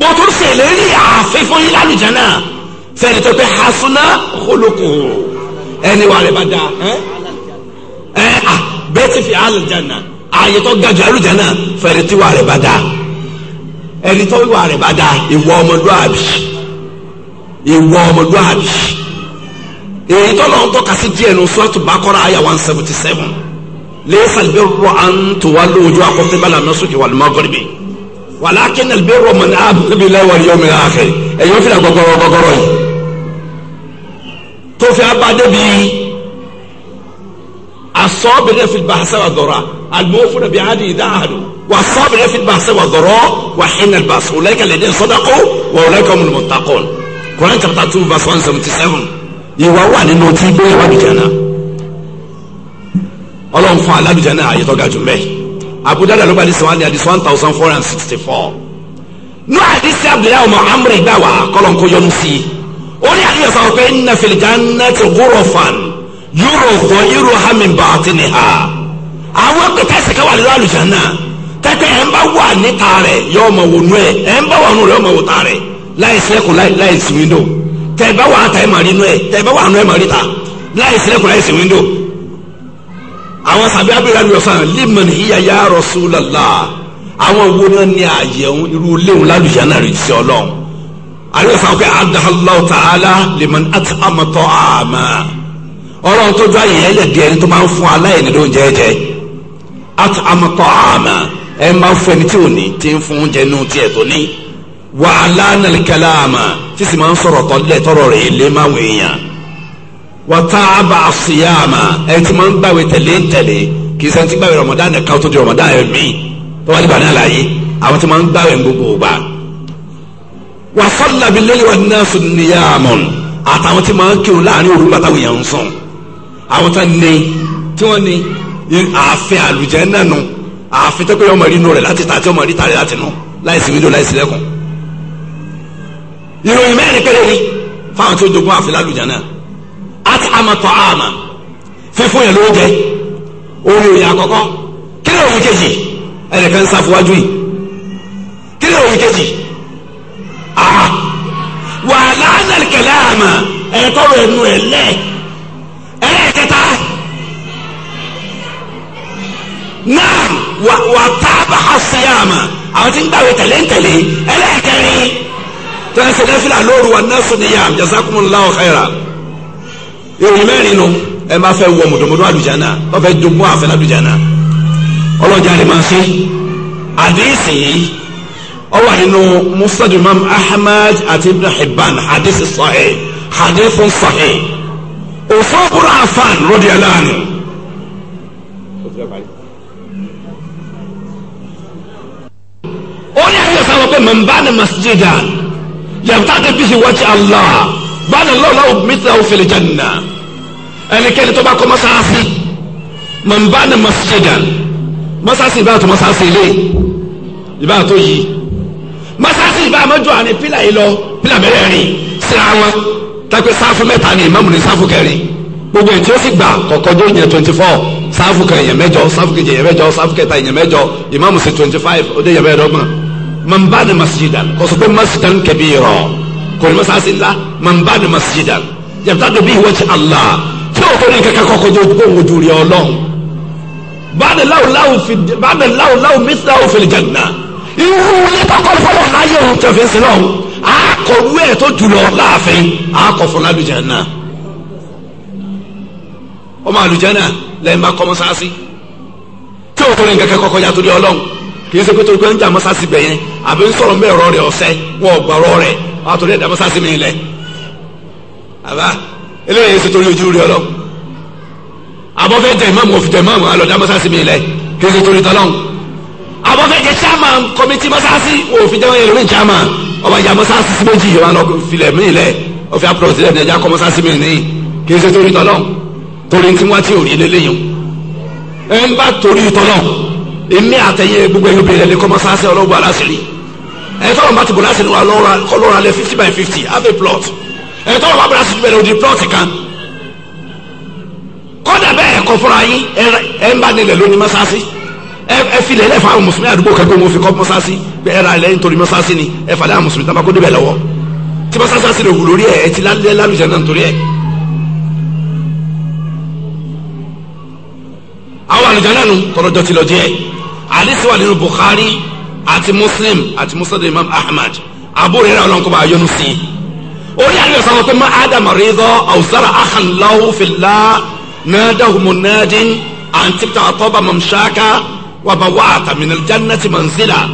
bọ́tún sèlérí àfẹ́fọ́ yín lálùjánnà fẹ́ẹ́ tó pé hasuna kólókòó ẹni wà rẹ̀ bá da ẹ ẹ à bẹ́ẹ̀ ti fi àlùjáná ààyè tó ga jù àlùjáná fẹ̀rẹ̀ tí wà rẹ̀ bá da ẹni tó wà rẹ̀ bá da ìwọ ọmọdúàbí ìwọ ọmọdúàbí èyí tó lọ́n tọ́ka sí díẹ̀ nù sọ́ọ̀tù bákọ́rọ̀ àyà one seventy seven lẹ́sà lẹ́rọ à ń tó wá lójú akọ́fẹ́ bá lànà sókè wà lùmọ́ gọ́dìbì wàlákẹ́ nàlbẹ́rọ̀ mọ̀ ní abúlé bí lẹ́wọ̀ yọ̀ọ́ mi àfẹ́ ẹ̀yọ́ fi là gbọ́gbọ́rọ̀ gbọ́gbọ́rọ̀ yìí tó fi abadé bi asọ́bi rẹ̀ fi bàásà wà dọ̀rọ̀ alimọ̀ fún ẹ̀bi adi ìdáhàdù wà sọ́bi rẹ̀ fi bàásà wà dọ̀rọ̀ wà hinna bàásà wò lẹ́kẹ̀ lẹ́dẹ̀ sọ́dọ̀kọ́ wà wò lẹ́kẹ̀ ọmọlùmọ̀ takọ́n Quran chapter two verse one seventy seven ìwà wà nínú tí gbé wà lùjánà ọlọ́run fún alálùjánà àyètọ́ gàjù mẹ́ Abuja dàlú bá disọ̀ wani adisọ̀ one thousand four hundred sixty four nù àdìsí abdullahi muhammed gbà wà kọ́lọ́n kó yọnu sí ó ní àlejò sọ pé inna fil jannati ghurafan yudhayiruha min batiniha àwọn pẹ̀tẹ́sì káwá lè lọ àlùjánnà tẹ́tẹ́ ẹ̀ ń bá wà níta rẹ̀ yọ ọmọ wò nú ẹ̀ ẹ̀ ń bá wà nú rẹ̀ ọmọ wò ta rẹ̀ láì sílẹ̀kùn láì sí wíńdò tẹ́ ẹ bá wà á ta ẹ̀ máa rí nú ẹ̀ tẹ́ ẹ bá wà á ẹ̀ máa rí ta láì sílẹ̀kùn láì sí wíńdò àwọn sàbí abirà ni ọ̀sán liman hiya ya Rasulallah àwọn wo náà ní ààyè irú léwu lálùjáná rẹ̀ sí ọlọ́run àríwá sáwọn pé adahallahu ta'ala liman at'ama ta'ama ọlọ́run tó dá yẹn lè di ẹni tó máa ń fún aláìní ló ń jẹ́ jẹ́ at'ama ta'ama ẹ máa ń fún ẹni tí ò ní tí ń fún oúnjẹ nù tiẹ̀ tó ní wa alana al-kalama tí sì máa ń sọ̀rọ̀ tọ́lẹ̀ tọ́rọ̀ rẹ̀ lé máwọn èèyàn wa ta'aba as-siyama ẹ ti máa ń gbàwé tẹ̀lé tẹ̀lé kì í sẹ́ni tí gbàwé Ramadan nìkan tó di Ramadan ẹ̀ mí tọ́wọ́ wà sọ́lá bi lẹ́yìn wà ní náà sùn ní yàmùn àtàwọn tí máa ń kírun láàrin òru bàtàwọn yẹn ń sùn àwọn tá ní tí wọ́n ní ààfin àlùjẹ́ náà nù ààfin tẹ́kọ̀ yọ ọmọ rí inú rẹ̀ láti tà tí ọmọ rí tàrí láti nù láìsí wíńdò láìsí lẹ́kùn. ìròyìn mẹ́rin péré ni fáwọn tó jogún ààfin lálùjẹ́ náà àti àmọ̀tọ̀ àmà fífún yẹn lóúnjẹ orí òye àkọ́kọ́ kí ni òye kejì ẹnìkan ń sáfù wájú yìí kí ni òye kejì rẹ̀ láàmà ẹ̀ tọrọ ẹnu ẹ̀ lẹ̀ ẹlẹ́ẹ̀kẹta náà wà wà tábà àṣeyàmà àwọn tí ń gbàwé tẹ̀léńtẹ̀lé ẹlẹ́ẹ̀kẹrin tó ń sẹ́dẹ́ fìlà lóru wa náà sùn níyàm jazakumullahu khaira ìròyìn mẹ́rin nu ẹ máa fẹ́ wọ mọ̀tòmọ́tò àlùjáná wọ́n fẹ́ jogún àfẹ́ àlùjáná ọlọ́jà rẹ̀ máa ṣe àdéhìsì yìí ọwọ́ inú musnad imam ahmad àti ibn hibban hadith sahih hadith sahih òfófúrò afan radiyallahu anhu. ó ní àyè sábà pé man bana masjidan yabtaghi bihi wajha Allah bana Allahu lahu mithlahu fil janna ẹnikẹ́ni tó bá kọ́ mọ́sáàsì man bana masjidan mọ́sáàsì ìbára tó ilé ìbára yìí masasi ìbá àmọ́jọ àárín pílà yìí lọ pílà mẹ́rẹ̀ẹ̀rin síra wọn tàbí sáfù mẹ́ta ni ìmáàmù ní sáfù kẹrin gbogbo ètò ó sì gbà kọ̀kọ́ jó yẹn twenty four sáfù kan yẹn mẹ́jọ sáfù kejì yẹn mẹ́jọ sáfù kẹta yẹn mẹ́jọ ìmáàmù sí twenty five ó dé yẹn mẹ́ẹ̀ẹ́dọ́gbọ̀n mamba ni masjidan kọsọ pé masjidan kẹbi rọ kòní masasi ńlá mamba ni masjidan yàtọ̀ àdó bí ìwé ti Allah tí o fẹ́ràn kankan kọ́kọ́ jó gbóhùn ojú rí ọlọ́run báyìí láwùláwù fi báyìí láwùláwù mí irú onípàkọ́lù fọlọ́ láyé òun tẹ̀fẹ́ sí lọ́hùn akọ̀wé ẹ̀ tó jùlọ láàfin akọ̀ fún alùjẹ́ náà ọmọ alùjẹ́ náà lẹ́yìn bá kọ́ mọ́sáàsì tí o fẹ́rẹ̀ kẹ́kẹ́ kọ́kọ́ yàtọ̀ ní ọlọ́run kì í ṣe pé torí pé ń jà mọ́sáàsì bẹ̀ yẹn àbí ń sọ̀rọ̀ mẹ́rọ rẹ̀ ọ̀sẹ́ wọn ò gbàrọ̀ rẹ̀ wọn àtọ̀rẹ́ ẹ̀dá mọ́sáàsì mi lẹ̀ àbá eléyìí ṣe torí ojú rẹ̀ ọlọ́run àbọ̀fẹ́ jẹ ìmáàmù òfìjẹ ìmáàmù alọ̀dá mọ́sáàsì mi lẹ̀ kì í ṣe torí tọ́lọ́run àwọn fẹ́ jẹ chairman committee mọ́sáàsì wọn ò fi jẹ́ ẹlòmíì chairman ọba ìjà mọ́sáàsì sí méjì yìí wọn lọ filẹ̀ mí lẹ̀ ọ̀fẹ́ president ẹ̀já kọ́ mọ́sáàsì mi nìyí kì í ṣe torí tọ́lọ̀ torí tí wọ́n ti ò rí lélẹ́yìn ẹ̀ ń bá torí tọ́lọ̀ èmi àtẹ̀yẹ gbogbo ẹ̀yọ́ bẹ̀rẹ̀ lẹ́kọ́ mọ́sáàsì ọlọ́gbọ́ aláṣẹ́rì ẹ̀ tọ́lọ̀ bá ti bọ̀ láṣẹ níwá kọ́lọ́ra lẹ fifty by fifty have a plot ẹ̀ tọ́lọ̀ bá bọ̀ láṣẹ bẹ̀rẹ̀ òdi plot kan kọ́dà bẹ́ẹ̀ kọ́ fúnra yín ẹ̀ ń bá nílẹ̀ lónìí mọ́sáàsì ẹ filẹ̀ ẹ lẹ́fà àwọn mùsùlùmí àdúgbò kan kó wọn fi kọ́ mọ́sáàsì bẹ́ẹ̀ ra ilẹ̀ nítorí mọ́sáàsì ni ẹ fà láwọn mùsùlùmí tábà kó débẹ̀ lọ́wọ́ tí mọ́sáàsì rẹ̀ wù lórí ẹ ẹ ti lálẹ́ lálùjẹ́ náà nítorí ẹ. àwọn àlùjá náà nù tọrọjọ ti lọ jẹ àdìsí wà nínú Bukhari àti Muslim àti Muslim Imam Ahmad àbúrò rẹ̀ ọlọ́nkọ́ba ayọ́nu sí i orí àlejò sọ pé má ádámà rí dọ́ àwùsára àkànláwó fìlà náà dáhùn mọ́ wà bá wà àtàmìnà jannati manzila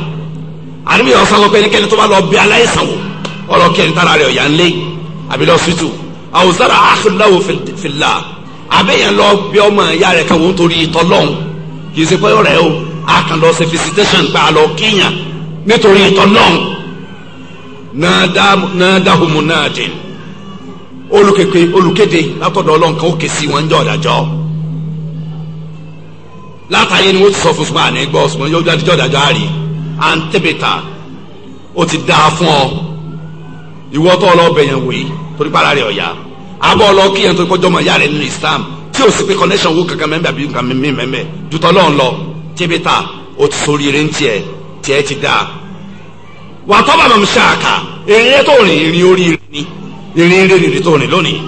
àdìmí yọ sálọ pé ẹnikẹ́ni tó bá lọ bí aláìsàn wò ọlọ kẹ́ni tára rẹ̀ ọ̀yà ńlẹ̀ àbí lọ sítù àwùzára àkùnláwò fìlà àbẹ̀yẹn lọ bí ọmọ ìyá rẹ̀ kan torí ìtọ́lọ́hún kì í ṣe pé ọ̀rẹ́ o a lọ ṣe visitation pa àlọ́ kíyàn nítorí ìtọ́lọ́hún náà dáhùnmù náà jẹ olùkéde látọ̀dọ̀ ọlọ́nkà ó kè sí wọn ń jọ ọ̀dàjọ́ látàyè ni wọ́n ti sọ fún sùpà ní gbọ́ sùpà yóò dájú ọ̀dájọ́ àárín à ń tẹ̀bẹ̀tà ó ti dáa fún ọ ìwọ tó ọ lọ bẹ̀yẹn wòye torí para rẹ̀ ọ̀yà abọ́ lọ kí yẹn tó kọjọ́ mọ̀ yára nínú Islam tí o sì pé connection wo kankan mẹ́mbẹ́ àbí nǹkan mímí mẹ́mbẹ́ dùtọ́ lọ́n lọ tẹ̀bẹ̀tà ó ti sori eré ń tiẹ̀ tiẹ̀ ti dáa wà tọ́ bàbá mi ṣáàkà ìrìn tó rìn ìrìn orí rìn ni ìrìn rìn rìn tó rìn lónìí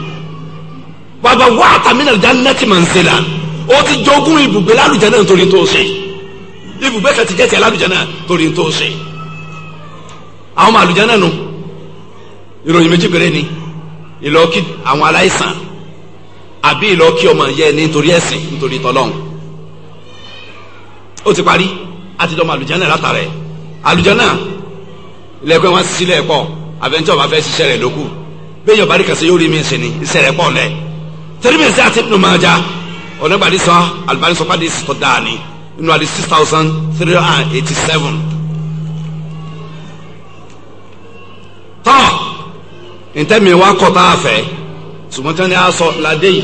ó ti jogún ibùgbé lálùjẹ náà torí tó ṣe ibùgbé kan ti jẹ́ tiẹ̀ lálùjẹ náà torí tó ṣe àwọn ọmọ àlùjẹ náà nù ìròyìn méjì péré ni ìlọ́kì àwọn aláìsàn àbí ìlọ́kì ọmọ yẹ nítorí ẹ̀sìn nítorí tọ́lọ́hún ó ti parí àtijọ́ ọmọ àlùjẹ náà látara àlùjẹ náà ilẹ̀kùn wọn sílẹ̀ pọ̀ àbẹ̀ntẹ́ ọba fẹ́ ṣiṣẹ́ rẹ̀ lókù bẹ́ẹ̀ yọ̀bá rí kàṣẹ́ yóò rí mi ṣe ni iṣẹ́ rẹ̀ pọ̀ lẹ̀ tẹ́lifíṣẹ́ àti Ibn Majah onígbàdí sọ alibani sọ pàdé sọ dáàni nínú àdé six thousand three hundred eighty seven tọ́ ntẹ́mi wa kọ́ tá a fẹ́ sùmọ́tẹ́ni a sọ ládé yìí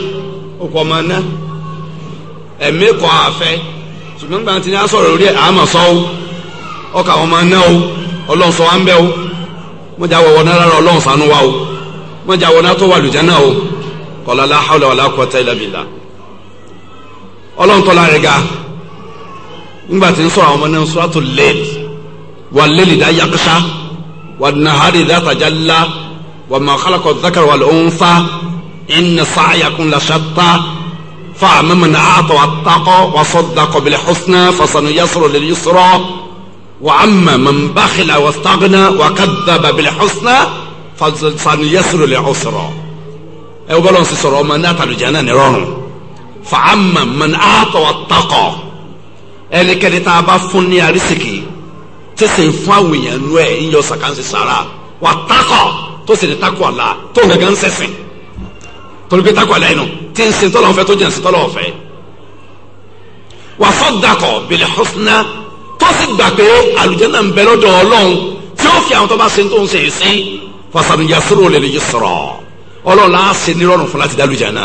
ó kọ́ ọmọ náà ẹ̀mí kọ́ a fẹ́ ṣùgbọ́n nígbà tí a sọ̀rọ̀ lórí ó ọkà wọn máa ná o ọlọ́run sọ wá ń bẹ́ o wọ́n jà wọ̀wọ́ náà lára ọlọ́run ṣàánú wa o wọ́n wọ́n náà wà lùjẹ́ náà o kọ̀ọ̀lá la hawla wala quwwata illa billah ọlọ́run tọ́lá rẹ̀ ga ńgbà tí ń sọ̀rọ̀ àwọn ọmọ náà suratul layl wal layli idha yaghsha wan nahari idha tajalla wa ma khalaqa dhakara wal untha inna sa'yakum lashatta fa'amma man a'ta wattaqa wa saddaqa bil husna fasanuyassiru lil yusra wa amma man bakhila wastaghna wa kadhdhaba bil husna fasanuyassiru lil usra ẹ wọ́n bá lọ́n sọ̀rọ̀ ọmọ náà tàlùjá náà ní fàámà man àtọ̀ àtàkọ̀ ẹnikẹ́ni tá a bá fún ní arísìkì tí sì ń fún àwọn èèyàn nú ẹ̀ ń yọ sàkánsì sára wà takọ̀ tó sì ní takọ̀ àlá tó gàgán ń sẹ̀sìn torí pé takọ̀ àlá yìí nù tí ń sin tọ́lọ̀ ọ̀fẹ́ tó jẹ́ ń sin tọ́lọ̀ ọ̀fẹ́ wà sọ́dàkọ̀ bil husna tó sì gbà pé àlùjánnà ń bẹ lọ́dọ̀ ọlọ́run tí ó fi àwọn tó bá sin tó ń sèé sí fasanuyasoro lè ní yìí sọ̀rọ̀ ọlọ́run á sin nírọ̀rùn fún láti dálùjánnà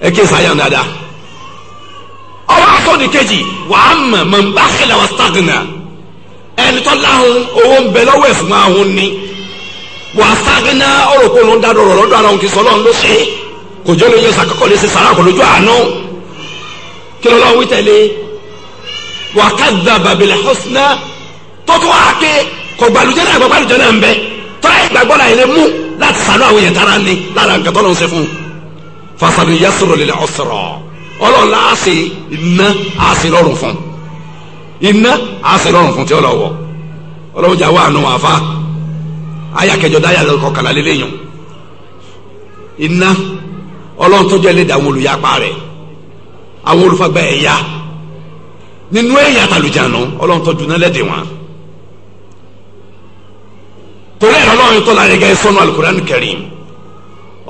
ẹ kí n sáyà dáadáa ọwọ́ àtọ́ni kejì wàá mọ̀ mọ̀ nbà kẹlẹ̀ wà stagina ẹni tó láhùn owó ń bẹ lọ́wọ́ ẹ̀fún ahùn ni wàá stagina ọ̀rọ̀ kó ló ń dá lọ́dọ̀ ara òun kì í sọ lọ́run ló ṣe kò jẹ́ lóye sàkọ́kọ́ lè ṣe sàrà kò lójú àánú kí ló lọ́wọ́ wí tẹ̀lé wàá kadhaba bil husna tọ́tù wàá ké kò gbàlùjẹ́ náà gbàgbàlùjẹ́ náà ń bẹ tọ́ fasanu yasoro lila ọsọrọ Ọlọ́run la ase iná ase lọ́rùn fún iná ase lọ́rùn fún tí ó lọ wọ Ọlọ́run jà wà nù àfa àyà kẹjọ dáyà lọkọ kàlà lélẹyìn iná Ọlọ́run tọjọ ẹlẹdà àwọn olùyapa rẹ̀ àwọn olùfagbà ẹ̀yà nínú ẹ̀yà tàlùjànù torí ẹ̀rọ Ọlọ́run tó la yẹ gẹ sọnù alukóránù kẹrin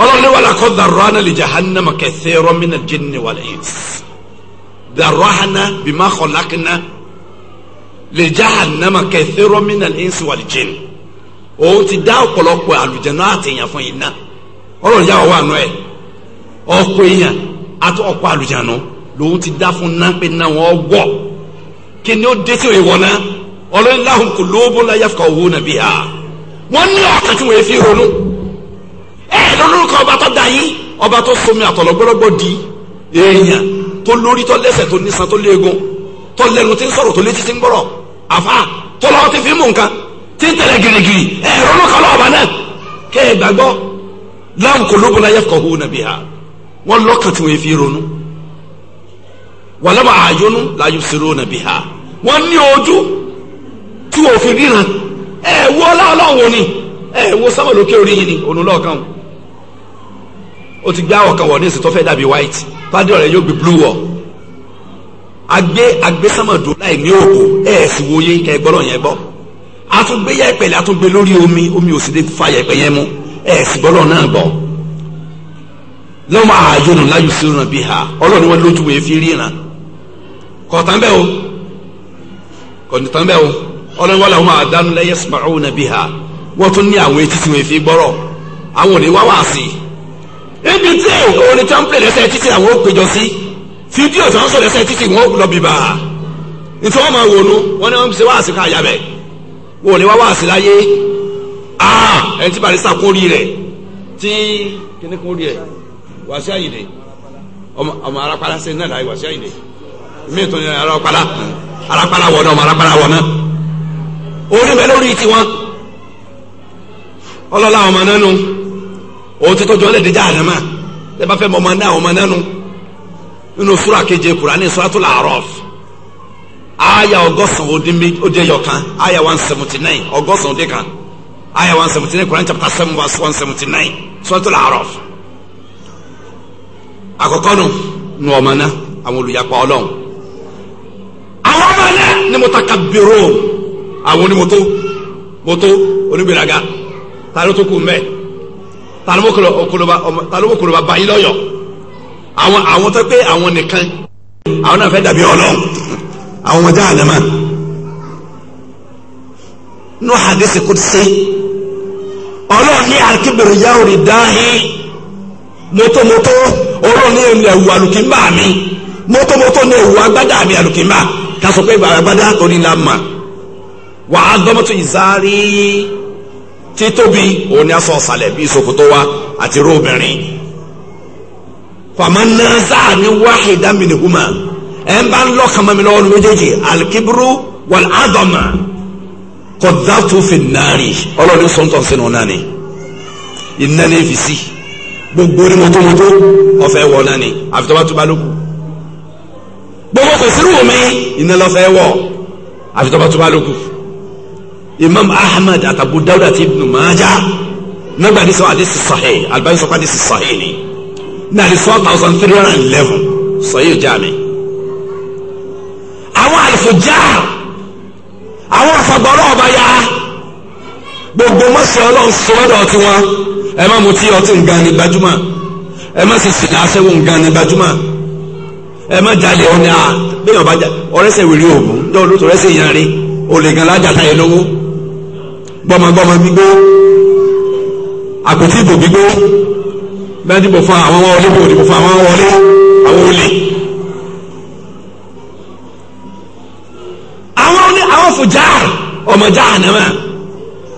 ọlọ́run ní wàlá kọ́ dàrọ́hánà lè jahannama kẹsẹ̀ rọ́mìnà jinni wal ins dàrọ́hánà bímá kọ́lákínà lè jahannama kẹsẹ̀ rọ́mìnà ins wal jinn òun ti dá ọ̀pọ̀lọpọ̀ àlùjẹ̀nà àtẹ̀yàn fún iná ọlọ́run yà wà nù ẹ̀ ọ̀pọ̀ èèyàn àti ọ̀pọ̀ àlùjẹ̀nà lòun ti dá fún náà pé náà wọ́n kí ni ó dé tí òye wọ̀nà ọlọ́run láhùn kò lóbó láyàfọ̀ òwò nàbíyà wọ́n ní ọ̀kàn tí wọ́n fi ronú ẹ lọ́lọ́rùkọ ọba tó dá yín ọba tó somi àtọ̀lọ́gbọ́lọ́gbọ́ di èèyàn tó lórí tó lẹ́sẹ̀ tó nísan tó léegun tó lẹ́nu tí ń sọ̀rọ̀ tó létí tí ń gbọ́rọ̀ àfa tó lọ́wọ́ ti fi mú nǹkan tí ń tẹ̀lé girigiri ẹ lọ́lọ́rùkọ ọba náà kẹ́ ẹ gbàgbọ́ láwọn kò lóko láyé kọ̀ọ̀hún nàbí ha wọ́n lọ́kàn tí wọ́n fi ronú wàlámà àyónú láyé sèrò nàbí ha wọ́n ní ojú tí wọ́n fi ríran ẹ̀ wọ́ ọlọ́run ni ẹ̀ wọ́ sábà lókè orí yìí ni ònú lọ́ọ̀kan o o ti gbé àwọ̀ kan wọ̀ ní ìsìn tó fẹ́ dàbí white pàdé ọ̀rẹ́ yóò gbé blue wọ̀ agbé agbé sámọ̀dó láì ní òkò ẹ̀ sì wòye kẹ́ gbọ́dọ̀ yẹn gbọ́ àtúgbé yẹ̀pẹ̀lẹ̀ àtúgbé lórí omi omi ò sì lè fa yẹ̀pẹ̀ yẹn mu ẹ̀ sì gbọ́dọ̀ náà gbọ́ lọ́wọ́ àyọ̀nù láyò sí ìrìnà bíi ha ọlọ́ọ̀ni wọn lójú wo efi ríran kọ̀ọ̀tàn bẹ́ẹ̀ o kọ̀ọ̀tàn bẹ́ẹ̀ o ọlọ́ọ̀ni ibi tí orin tí wọ́n ń pè lẹ́sẹ̀ títì àwọn ó péjọ sí fídíò tí wọ́n ń sọ lẹ́sẹ̀ títì wọ́n ó lọ bìbà nítorí wọ́n máa wò nu wọ́n ní wọ́n ṣe wáàsí ká yà bẹ̀ wò ní wá wáàsí láyé ẹni tí barista kún rí rẹ̀ tí kíní kún rí rẹ̀ wàásù àyìnlẹ̀ ọmọ arápálá sẹ́yìn náà láyé wàásù àyìnlẹ̀ mí tó ní arápálá arápálá wọ̀ náà ọmọ arápálá wọ̀ náà orí bẹ́ẹ̀ lórí tiwọn ọlọ́lá ọmọ náà nù òun ti tọ́jú ọlẹ́dẹ̀ já àdámà ẹ bá fẹ́ mọ ọmọ náà ọmọ náà nu nínú súrà keje Kùránì Suratul A'raf aya ọgọ́sàn òde yọkan aya one seventy nine ọgọ́sàn òde kan aya one seventy nine Kùránì chapter seven verse one seventy nine Suratul A'raf àkọ́kọ́ nu nu ọmọ náà àwọn olùyapa Ọlọ́run àwọn ọmọ náà ni mo ta ka bèrò àwọn onímọ̀tò mọ̀tò onígbèraga ta ló tó kù mẹ́ẹ̀ talówó koloba báyìí lọ́yọ̀ àwọn àwọn tó pé àwọn nìkan àwọn náà fẹ́ dàbí ọlọ́ àwọn ọmọdé àlẹ́mà nù hadisi kùdùsí ọlọ́ọ̀ni àkíbèrè yàwó rí dáhìn mọ́tòmọ́tò ọlọ́ọ̀ni ẹ̀wù àlùkìmbà mi mọ́tòmọ́tò ní ẹ̀wù agbádá mi àlùkìmbà kásọ̀ pé agbádá tó ní la mà wàá gbọ́mọ́tò ìzárí títóbi òun ni aṣọ ọ̀sàlẹ̀ bíi ṣòkòtò wa àti irú obìnrin fàmà nàzà ni wáhìdá mìnìhùmà ẹ̀ ń bá ń lọ́kàn mọ́ mi lọ́wọ́ ní méjèèjì alikibru wal adama kọ̀dátù fi nàárì ọlọ́ọ̀ni sọ̀tọ̀ sínú nàní ìnáni fi sí gbogbo ni mọ́tòmọ́tò ọ̀fẹ́ wọ̀ nàní àfitọ́bátúbá ló gbogbo kò sírù mi ìnáni ọ̀fẹ́ wọ̀ àfitọ́bátúbá ló imam ahmed àtàbù dawud àti ibn majah nígbà tí sọ àdìsí sahih albani sọ pé àdìsí sahih ni ní àdìsí one thousand three hundred and eleven sahih jami àwọn àlùfòjá àwọn àfàgbọ́ ọlọ́ọ̀bá yá gbogbo mọ́sẹ̀ ọlọ́run sọ ọ́dọ̀ ọtí wọn ẹ má mutí ọtí nǹkan ní gbajúmọ̀ ẹ má sì sìn aṣẹ́wó nǹkan ní gbajúmọ̀ ẹ má jalè oògùn dọ́ọ̀lù tó rẹ́sẹ̀ yẹn olè gan lájà táyé lówó gbọmọgbọmọ gbígbó àpótí ìbò gbígbó bẹ́ẹ̀ dìbò fún àwọn wọlé bò dìbò fún àwọn wọlé àwọn olè. àwọn olè àwọn fòjá ọmọ jáànámà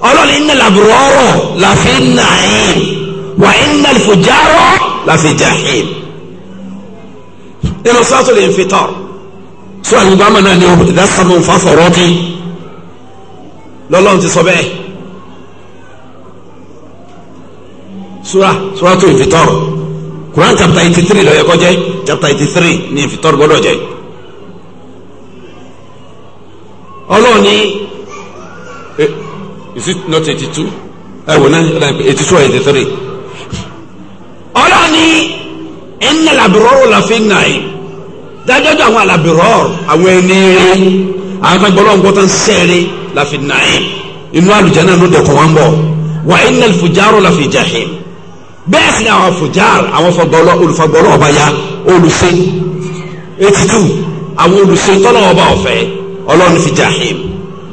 ọlọ́ni iná làbúrọ́rọ̀ làfi nàáyìn wà iná fòjárọ̀ làfi jàhìn. nínú sọ́ọ́sọ́ lè fi tọ̀ sọ́ọ́ àyùbá mọ̀ náà ni ó dá sábà ń fa fọ̀rọ̀ bíi lọ́lọ́run ti sọ bẹ́ẹ̀ sura sura tó ìfitọ́r Quran chapter eighty three lọ́yẹ kọjá chapter eighty three ní ìfitọ́r gbọ́dọ̀ jẹ́ ọlọ́run ní eh, is it not eighty two ẹ wò náà eighty two or eighty three ọlọ́run ní ẹnna làbúrọ́rù la fi nà yìí dájọ́jọ́ àwọn àlàbúrọ́rù àwọn ẹni rẹ àwọn akẹ́gbọ́n sẹ́ẹ̀rẹ́ lafi na'im inú àlùjáná ló dẹ̀kọ̀ wọn bọ̀ wà iná fujaro lafi jahim bẹ́ẹ̀ sì ni àwọn fujar àwọn olùfagbọ́lọ́ ọba ya olùsè etutu àwọn olùsè tọ́lọ́ ọba ọ̀fẹ́ ọlọ́run fi jahim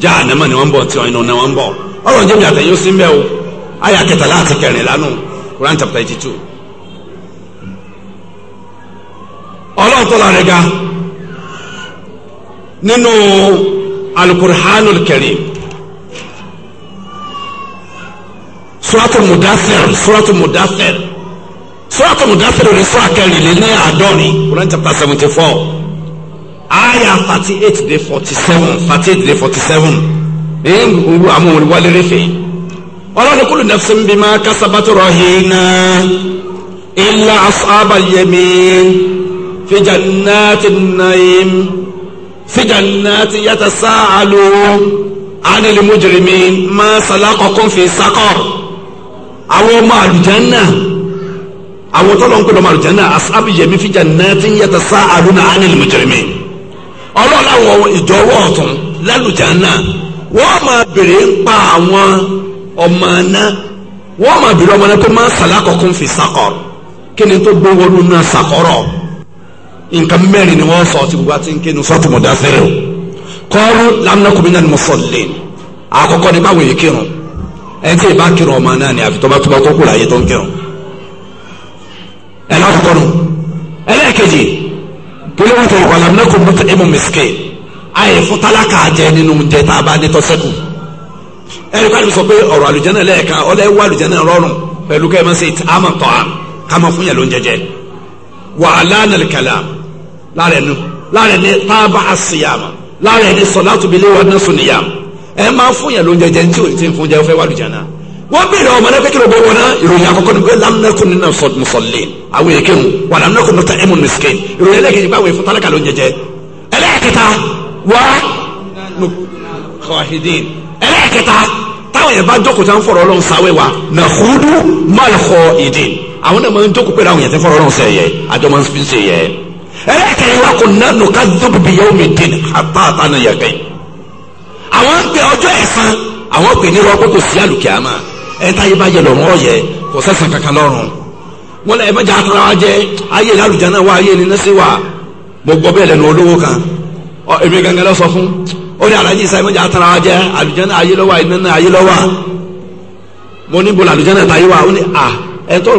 jahannama ni wọ́n bọ̀ tí wọ́n iná wọn bọ̀ ọlọ́run jẹ́mi àtẹ̀yìn ó sì ń bẹ́ o ayé akẹtàlá àti kẹrìnlá nù Quran chapter eighty two ọlọ́run tọ́lá rẹ̀ ga nínú. No, alukur'anul karim suratul mudasir suratul mudasir suratul mudasir ni sura kẹrìnlẹ́ ní àádọ́rin Quran chapter seventy four aya thirty eight de forty seven thirty eight de forty seven ee ngu amu wale refe ọlọ́ni kúlù nafsin bima kásábàtú rahina illa ashabal yamin fi jannatin naim fi jannati yatasaalun anil mujrimin ma salakakum fi saqar àwọn ọmọ àlùjánà àwọn tọ́lọ̀ ń pè lọ́mọ àlùjánà asabi yẹmi fi jannati yatasaaluna anil mujrimin ọlọ́ọ̀lá àwọn ìjọwọ́ ọ̀tún lálùjánà wọ́n máa bèrè ń pa àwọn ọmọ aná wọ́n máa bèrè ọmọ aná pé ma salakakum fi saqar kí ni tó gbé wọnú nǹkan mẹ́rin ni wọ́n sọ ti gbogbo àti nkénu sọ́ọ̀tù mọ̀dáfẹ́rẹ́ o kọ́ọ́rù lamnakumina ni mo sọ lé àkọ́kọ́ ni báwo yìí kírun ẹ tí ì kírun ọmọ náà ni àfi tọ́ba tọ́ba tó kù láyé tó ń kírun ẹ lọ́kọ̀ọ́ nu ẹlẹ́ẹ̀kejì kílẹ̀ wọ́n tẹ̀ wọ́n lamnakum mọ́tò ẹ̀mọ́ mẹ́sìkẹ́ ayé fún tálákà jẹ nínú jẹ tá a bá ní tọ́sẹ́kù ẹ̀rí ká ló sọ pé ọ̀rọ̀ àlùjẹ́nà lẹ́ẹ̀ka ọlẹ́ wà àlùjẹ́nà rọrùn pẹ̀lú kẹ́hìn mọ́sẹ̀ àmọ̀ tọ́ àmọ̀ ká mọ̀ fún yẹn ló ń jẹjẹ wàhálà nàlẹ́ lára ẹnu lára ẹni tábà àṣìyàmà lára ẹni sọlá tó bi léwà náà sùn nìyàm ẹ máa fún yẹn ló ń jẹjẹ ntí òyìn tí ń fún jẹ fẹ́ wà lùjẹ náà wọ́n béèrè ọmọ náà kékeré ọgbẹ́ wọn náà ìròyìn àkọ́kọ́ ni pé lamnakun nínú mùsọ̀lẹ́ àwọn èké mu wà lamnakun nínú tẹ́ẹ̀mù mìsíkè ìròyìn ẹlẹ́kẹ̀jì báwo ìfún tálákà ló ń jẹjẹ ẹlẹ́kẹta wá kọ́hídìn ẹlẹ́kẹta táwọn yẹn bá jókòó ń fọ̀rọ̀ ọlọ́run sáwé wa nà húdú má lọ́kọ̀ ìdìn àwọn náà máa ń jókòó pé àwọn yẹn ti fọ̀rọ̀ ọlọ́run sẹ́yẹ ẹlẹ́kẹ̀rin wa kunna nukadhibu bi yawmi din hatta atana yaqin àwọn pè ọjọ́ ẹ̀san àwọn pè ní rọ́pò kò sí àlùkìyàmà ẹ̀ táyé bá jẹ lọ́rùn ọ̀yẹ́ kò sẹ́sàn kankan lọ́rùn wọn lẹ ẹ mẹjọ atara wa jẹ ayé lálùjá náà wá ayé ní nẹsẹ wa mo gbọ́ bẹ́ẹ̀ lẹ́nu olówó kan ọ èmi gangan lọ sọ fún ó ní alájí sáyé mẹjọ atara wa jẹ àlùjá náà ayé lọ́wọ́ mo ní bolo àlùjá náà táyé wa ó ní à ẹ tó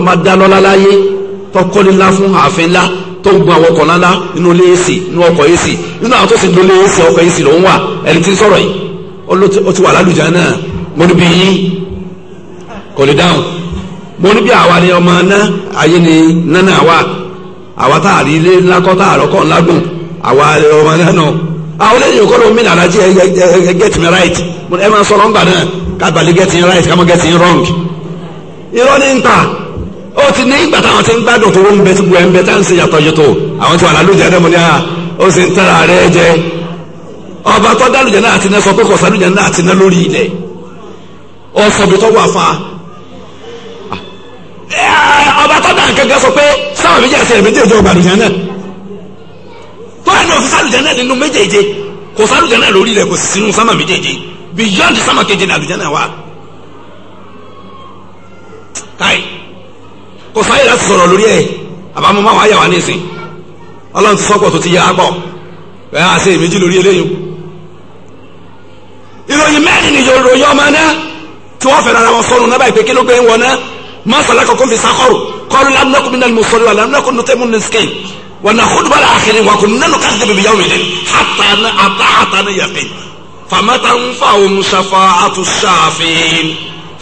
tó gun àwọn ọkọ̀ ńláńlá nínú ilé èsì nínú ọkọ̀ èsì nínú àwọn tó sì lólé èsì ọkọ̀ èsì lòún wà ẹni tí ń sọ̀rọ̀ yìí ó ti wà lálùjá náà mo níbi yín kò lè dáhùn mo níbi àwa ni ọmọ náà ayé ni nánà wà àwa tá a rí ilé ńlá kọ́ tá a rọ́kọ̀ ńlá gùn àwa ọmọ náà nà àwọn lẹ́yìn òkọ́ ló ẹ get me right ẹ máa náà get ó ti ní ìgbà táwọn ti ń gbádùn tó ń bẹ tí gbogbo ẹ̀ ń bẹ tá ń ṣe yàtọ̀ yòtò àwọn ti wà lálùjẹ náà mo ní à ó sì ń tara rẹ jẹ ọba tó dálùjẹ náà àti iná sọ pé kò sálùjẹ náà àti iná lórí ilẹ̀ ó sọ bí tó wà fa ah, ọba tó dà gẹ́gẹ́ sọ pé sáwọn méjì àti ẹ̀mẹ́jì ìjọ gbàlùjẹ náà tó ẹ̀ náà fi sálùjẹ náà nínú méjèèje kò sálùjẹ náà lórí ilẹ̀ kò sì sínú sámà méjèèje beyond sámà kejì ní àlùjẹ náà wà kò sáyè láti sọ̀rọ̀ lórí ẹ̀ àbámu máa wá yà wá ní ìsìn ọlọ́run ti sọ́pọ̀ tó ti yà á pọ̀ bẹ́ẹ̀ á ṣe ìmẹ́jì lórí eléyìí ìròyìn mẹ́rin ni ìròyìn ọmọ náà tí wọ́n fẹ́ràn ara wọn sọnù náà báyìí pé kí ló gbé wọn náà masala kọkọ fi sakọrò kọlu lamnakun minal musoli wa lamnakun nutemu niskin wa nakudu bala akiri wa kun nanu kasi bibi yawu yẹn hata ni ata hata ni yakin famata nfa omusafa atu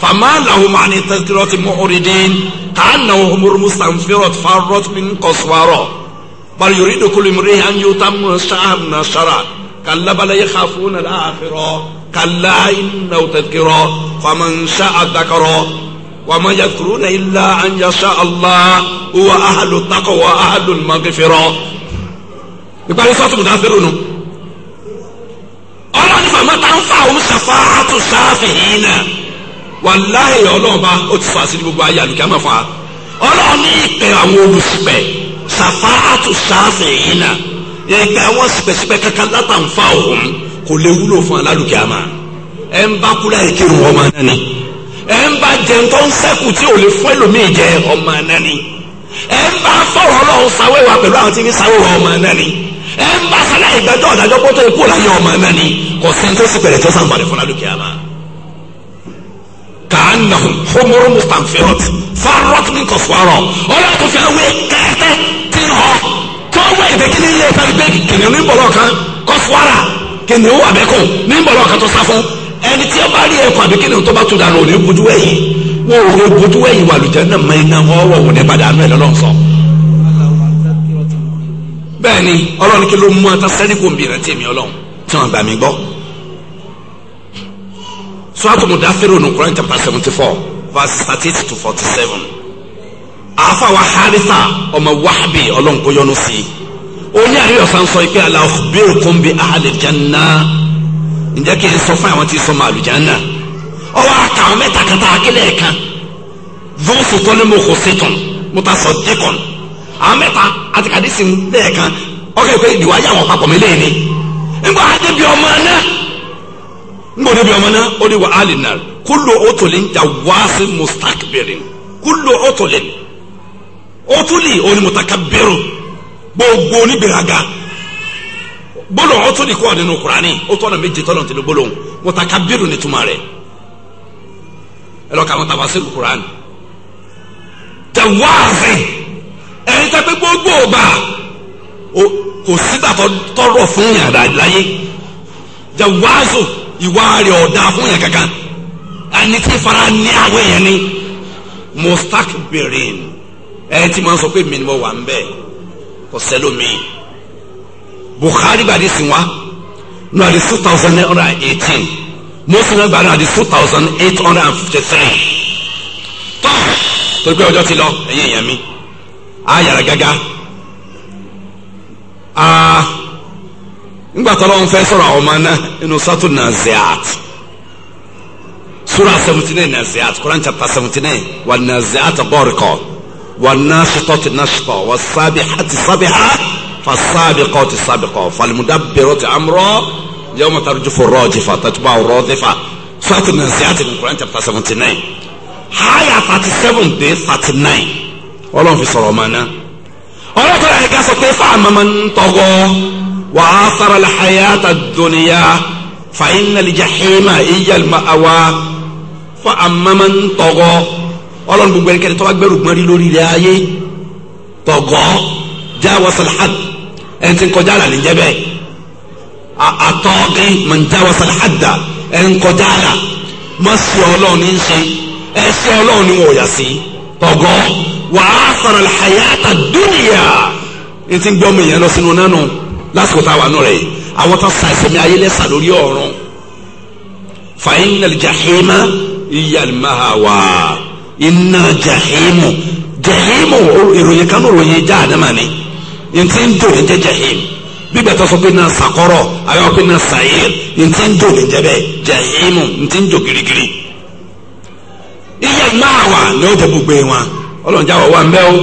فما لهم عن التذكرة معرضين كأنهم المستنفرة فرت من قصورة بل يريد كل امرئ أن يتم شعه من الشرع كلا بل يخافون الآخرة كلا إنه تذكرة فمن شاء ذكره وما يذكرون إلا أن يشاء الله هو أهل التقوى وأهل المغفرة يبقى يصوت مدافرون ọlọ́run فما تنفعهم شفاعة الشافعين wàláhì ọlọ́run bá ó ti fà sí gbogbo ayé àlùkìá máa fà á ọlọ́run ní ìpè àwọn olùsìpẹ̀ sàfà àtúnṣàfẹ̀ yìí nà ìpè àwọn sìpẹ̀sìpẹ̀ kankan látàǹfà òun kò lè wúlò fún alálùkìá máa ẹ ń bá kúlẹ̀ èké ń wọ́n máa nání ẹ ń bá jẹun tó ń sẹ́kù tí ò lè fún ẹlòmíì jẹ ọmọ nání ẹ ń bá fọ̀rọ̀ ọlọ́run sáwéwà pẹ̀lú àwọn tí fi sáwéwà ọmọ nání ẹ ń bá sálẹ̀ ìgbẹ́jọ́ ọ̀dájọ́ pọ́tọ́ ikú ọ̀la ọmọ nání kò sẹ́ńtẹ́sì pẹ̀lẹ́ tó fún alálùkìá annahum homoru mustanfirot farot ní kọ̀sùwárọ̀ ọlọ́run fi awé kẹ́tẹ́ ti họ tọ́wọ́ ìdẹ́kí ní ilé ìtàn gbé kìnìún ní bọ̀lọ́ kan kọ̀sùwárà kìnìún àbẹ́kù ní bọ̀lọ́ kan tó sá fún ẹni tí ó bá rí ẹ̀kọ́ àbí kìnìún tó bá tún dànù òní bójú ẹ̀yìn wọn ò ní bójú ẹ̀yìn wà lùjẹ́ náà mọ iná ọwọ́ òní padà nù ẹ̀ lọ́lọ́ sọ. bẹ́ẹ̀ ni ọlọ́run kí ló mú ọ suratu mudafiru nu Quran chapter seventy four verse thirty to forty seven àáfà wa haritha ọmọ wahabi ọlọ́nkóyọ́nù sí i ó ní àríyọ̀sán sọ pé alakhbirukum bi ahli janna ǹjẹ́ kí n sọ fún àwọn tí ń sọ ma àlùjáná ọwọ́ àtàwọn mẹ́ta kata akílẹ̀ kan vóòsù tó ní mo kò sétọ̀n mo ta sọ díkọ̀n àwọn mẹ́ta àti kàdísì lẹ́ẹ̀kan ọkọ̀ ìpè ìdìwájà àwọn papọ̀ mi lẹ́yìn ni nígbà àdébíọ́mọ náà. ngoni bi amana odi wa alinar kullu utulin jawasi mustakbirin kullu utulin utuli oni mutakabbiru gbogbo oni beraga bolo utuli ko ni qur'ani utu na meje tolon tele bolo mutakabbiru ni tumare elo ka ukurani tafasir qur'an jawasi eyi ta gbogbo oba o ko sida to toro fun yin adaye jawazu ìwà rẹ̀ ọ̀dà fún yàn kankan ẹni tí fara ní àwọn èèyàn ni mustak berin ẹ ti máa sọ pé mi ni mo wà ń bẹ kò sẹ́lómi Bukhari gbàdí sí wa nù àdí two thousand eight hundred and eighteen Muslim gbàdí àdí two thousand eight hundred and fifty three tọ́ torí pé ọjọ́ ti lọ ẹ̀yìn èèyàn mi á yàrá gágá ngbàtà lọ́wọ́ fẹ́ sọ̀rọ̀ àwọn ọmọ aná inú sátú naziat sura seventy nine naziat Quran chapter seventy nine wà naziat bọ́ọ̀rìkọ̀ wà nasitọ́ ti nasitọ́ wà sábìhà ti sábìhà fà sábìkọ́ ti sábìkọ́ fàlùmùdá bẹ̀rọ̀ ti amúrọ̀ yẹ́wọ́n mọ̀tà rújú fún rọ́ọ̀jì fà tàtúbà rọ́ọ̀dì fà sátú naziat ní Quran chapter seventy nine haya thirty seven dé thirty nine ọlọ́run fi sọ̀rọ̀ ọmọ aná ọlọ́run sọ̀rọ̀ ẹ̀ka sọ pé fáàmù ń tọ́gọ́. وعاصر الحياة الدنيا فإن الجحيم هي المأوى فأما من طغى ọlọ́run gbogbo ẹnikẹ́ni tó bá gbẹ́rù gbọ́n rí lórí ilẹ̀ ayé tọ̀gọ́ jáwọ́sán had ẹni tí ń kọjá àlà ní jẹ́bẹ̀ àtọ́gẹ́ mọ̀n jáwọ́sán hadà ẹni ń kọjá àlà mọ̀sí ọlọ́run ní ṣe ẹ̀sẹ̀ ọlọ́run ní wọ̀nyà sí tọ̀gọ́ wàá sọ̀rọ̀ dúnìyà ẹni tí ń gbọ́ ọmọ ìyẹn lọ sínú náà lásìkò tá a wà nù rẹ̀ àwọn tó sa ìsẹ̀mí ayé lẹ́sà lórí ọ̀run fàyín nàlẹ́ jàhímà ìyàlmáhàwà iná jàhímù jàhímù ìròyìn kan ní ìròyìn já àdámà ni ntí ń dòní jẹ jàhím bíbẹ̀ tó sọ pé náà sàkọ́rọ̀ àwọn pé náà sàyẹ̀r ntí ń dòní jẹ bẹ́ẹ̀ jàhímù ntí ń jò girigiri ìyàlmáhàwà ni ó jẹ gbogbo wọn ọlọ́njà wà wà ń bẹ́ o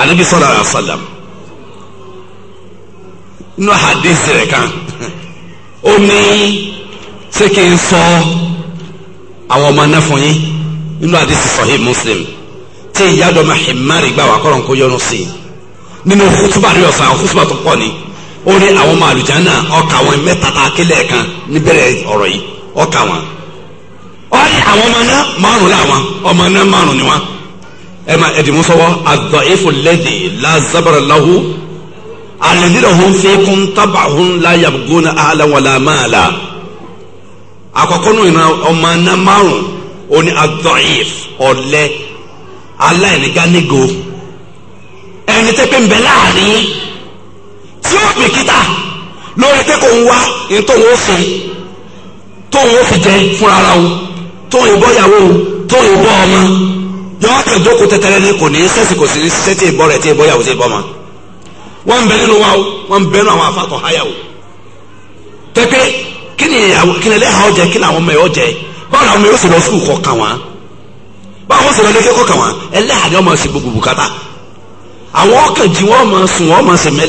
anabi sallallahu alaihi wasallam nínú hadith rẹ̀ kan ó ní ṣé kí n sọ àwọn ọmọ náà fún yín nínú hadith sahih muslim tí ìyádọ́mọ himari gbà wá kọ́rọ̀ kó yọnu sí i nínú kútúbà ní ọ̀sán kútúbà tó pọ̀ ni ó ní àwọn ọmọ àlùjáná ọkà wọn mẹ́ta tá a kílẹ̀ kan níbẹ̀rẹ̀ ọ̀rọ̀ yìí ọkà wọn ọ̀rẹ́ àwọn ọmọ náà márùn làwọn ọmọ náà márùn ni wọn ẹ máa ẹ̀dìmú sọ́wọ́ àdọ̀ ìfòlẹ́dẹ̀ làzàbàrà alẹ́dínlẹ̀ ọ̀hún fẹ́ẹ́kún tábà ọ̀hún láyà gbóná aláwọ̀lá máa la àkọ́kọ́ nù ìran ọmọ aná márùn òní adọ́ìf ọ̀lẹ́ aláìnígánigo ẹni tẹ́ pé ń bẹ láàrin tí ó bìkítà lórí pé kò ń wá ní tóun ó fún tóun ó fi jẹ fúnra ara o tóun ìbọ ìyàwó o ìbọ ọmọ yọ ọ́ kẹ́ jókòó tẹ́tẹ́rẹ́ ní kò ní sẹ́sì kò sí ní sẹ́sì ìbọ rẹ̀ tí ìbọ ìyàwó ti ìbọ ọmọ. wọ́n ń bẹ nínú wa o wọ́n bẹ nínú àwọn afatọ háyà o kí ni ìyàwó kí ni ẹlẹ́hà ọ̀jẹ̀ kí ni ọmọ báwo làwọn ọmọ yóò sì lọ sùkúù kọ kàn wọ́n báwo sì lọ ilé kẹ́kọ̀ọ́ kàn ni máa gbogbo àwọn ọkàn jí máa sùn máa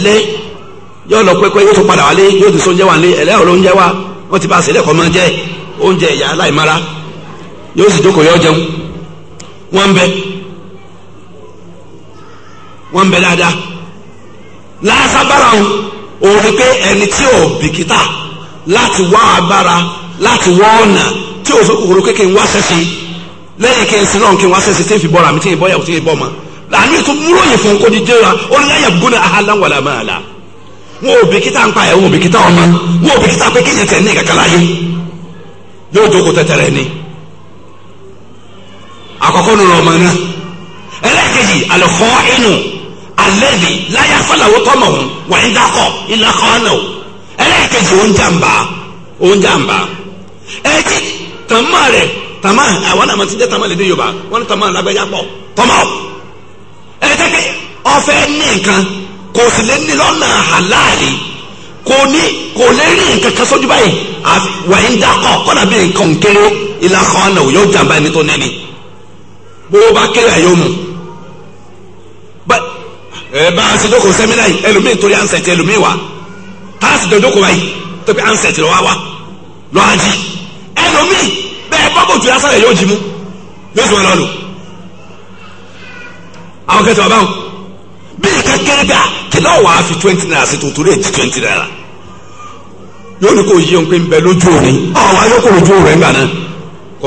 lọ pẹ́pẹ́ yóò tún padà wálé yóò tún wa ti bá a sílẹ̀ kọ́ máa jẹ oúnjẹ ìyá aláìmára yóò sì jẹun lásábára o rí pé ẹni tí ò bìkítà láti wá agbára láti wá ọ̀nà tí ò fi kòkòrò kékeré wá sẹ́sìn lẹ́yìn kí n sin náà kí n wá sẹ́sìn tí n fi bọ́ra mi tí n bọ́ yàwó tí n bọ́ ma làánú ètò múlòyìn fún kò ní jẹ́ wa ó ní láyà gbóná ahàlá wàlà máa la wọn ò bìkítà ń pa ẹ̀ wọn ò bìkítà ọmọ wọn ò bìkítà pé kéèyàn tẹ̀ ní ìkàkàlà yìí yóò jókòó tẹ̀tẹ̀rẹ̀ ni àkọ́kọ́ nínú ọmọ náà ẹlẹ́kẹ̀jì àlùkò inú alẹ́bi láyà fọláwó tọmọ òun wà ń dákọ̀ ilà kọ́nà o ẹlẹ́ẹ̀kejì òun jàǹbá òun jàǹbá ẹtí tàmá rẹ tàmá àwọn àmọ́ ti jẹ́ tàmá lédè yorùbá wọ́n ní tàmá lágbẹ́jà pọ̀ tọmọ ẹtẹ́kẹ́ ọ̀fẹ́ ní nǹkan kò sì lè ní lọ́nà àláàlì kò ní kò lè rí nǹkan kan sójú báyìí wà ń dákọ̀ kọ́nà bí nǹkan kéré ilà kọ́nà o yóò jàǹbá ẹni tó nẹ́ni bó bá kéré ẹ̀ ẹ bá a ṣe jókòó sẹ́mínà yìí ẹlòmíì torí ansẹ̀tì ẹlòmíì wa táàsì jọ jókòó báyìí tó ansẹ̀tì lọ́wọ́ wá lọ́ àjì ẹlòmíì bẹ́ẹ̀ bọ́bù tó yásàlẹ̀ yóò jí mú yóò sì wọn lọ́nu. àwọn kẹsàn-án báwọn bíi kékeré gbà fi twenty naira sí tuntun rẹ̀ di twenty naira yóò ní kò yí pé ń bẹ lójú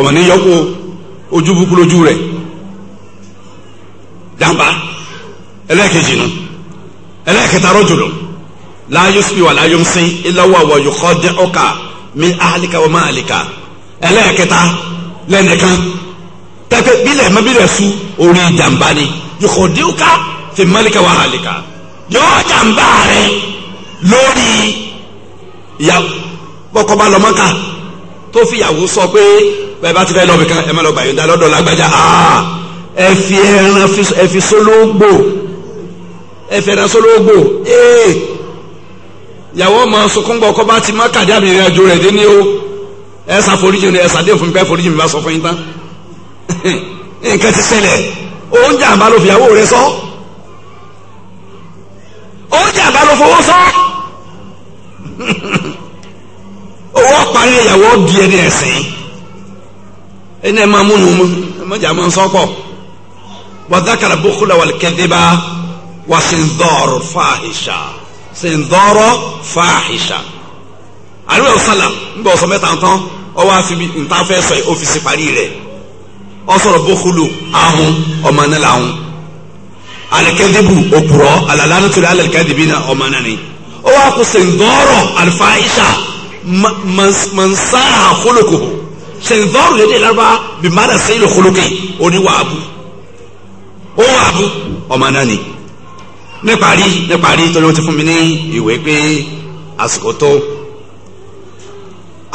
òní lójú rẹ̀ ńgbà náà ẹlẹ́ẹ̀kejì nu ẹlẹ́ẹ̀kẹta rọ́jòló láyé sí wà láyé sí ìlọ́wọ́ àwọn yòókọ́ dé ọkà mi àhálíkà wọ́n má àhálíkà ẹlẹ́ẹ̀kẹta lẹ́nìkan tẹ́pẹ́ bílẹ̀ mọ́ bílẹ̀ su orí ìjàmbá ni yòókọ́ dé ọkà fi málíkà wọ́n àhálíkà yóò jàmbá rẹ lórí ìyàwó bọ́kọ́ bá lọ mọ́ta tó fìyàwó sọ pé bẹ́ẹ̀ ti fẹ́ lọ́ọ̀bì kan ẹ má lọ gbàyọ̀dá lọ́dọ̀ lágbájá ẹ fi ẹran ẹ fi sólógbò ẹfẹ̀rẹ̀sọ́lógbò ee ìyàwó ọmọ sọkúngbọ̀ ọkọ bá ti má kàdé àmì ìrìn àjò rẹ̀ dé ní o ẹ̀sà foríjì ni ẹ̀sà dé fún mi bẹ́ẹ̀ foríjì mi bá sọ fún yín tán nǹkan ti ṣẹlẹ̀ oúnjẹ àbá ló fìyàwó rẹ̀ sọ oúnjẹ àbá ló fowó sọ owó parí ìyàwó di ẹni ẹ̀sìn ẹni ẹ máa múnu mu ẹ má jà máa ń sọ́kọ̀ wàdákàrà bókúlà wàlúkẹ́dẹ́bà wa sindoro fahisha sindoro fahisha àríwá ọ̀sálà ńgbà ọ̀sán mẹ́ta tán ọwọ́ àfihàn nta fẹ́ sọ ọ́fíìsì parí rẹ̀ ọ̀sọ̀rọ̀ bókulu ahun ọmọ náà làwọn alikẹ́dìbù òpùrọ̀ alàlánà tó lé alikẹ́dìbì náà ọmọ náà ni ọwọ́ àkó sindoro alifahisha mansáà kólókòó sindoro lédè lárúbá bimada sẹ́yìn lókòlókè oníwàbù ó wàbù ọmọ níparí níparí torí wọ́n ti fún mi ní ìwé pé àsìkò tó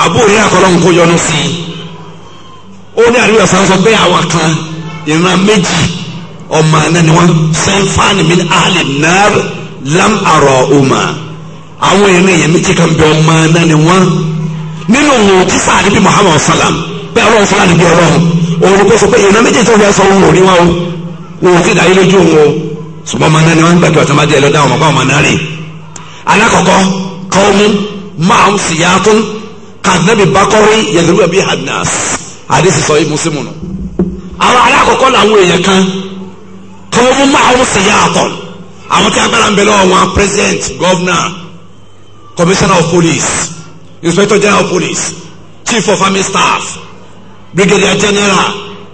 àbúrò ní àkọlọ́hún kó yọnu sí i ó ní àríwá sàn sọ pé àwọn kan ìran méjì ọmọ náà ni wọ́n sanfani min ahli nar lam arọ ọmọ àwọn ìran èèyàn méjì kan bẹ ọmọ náà ni wọ́n nínú òun tí sáà níbi Muhammad salam bẹ́ẹ̀ ọlọ́run fúlàní bí ọlọ́run òun kò sọ pé ìran méjì tó yẹ sọ òun ò ní wọn o òun fi dàyé lójú òun o ṣùgbọ́n ọmọ náà ni wọ́n ń gbàdúrà tó máa jẹ́ ẹlọ́dà ọmọ káwọn ọmọ náà rìn alákọ̀ọ́kọ́ kọ́ọ̀mù máa ń sì yá fún kàdébì bákọ́rí yẹ̀dúrú ẹ̀bí hadnas àdéhùn sọ ibùsí mu nù. àwọn alákọ̀ọ́kọ́ làwọn èèyàn kan kọ́ọ̀mù máa ń sì yá àtọ̀ àwọn tí agbára ń bẹ lọ́wọ́ wọn president governor commissioner of police inspector general of police chief of army staff brigadier general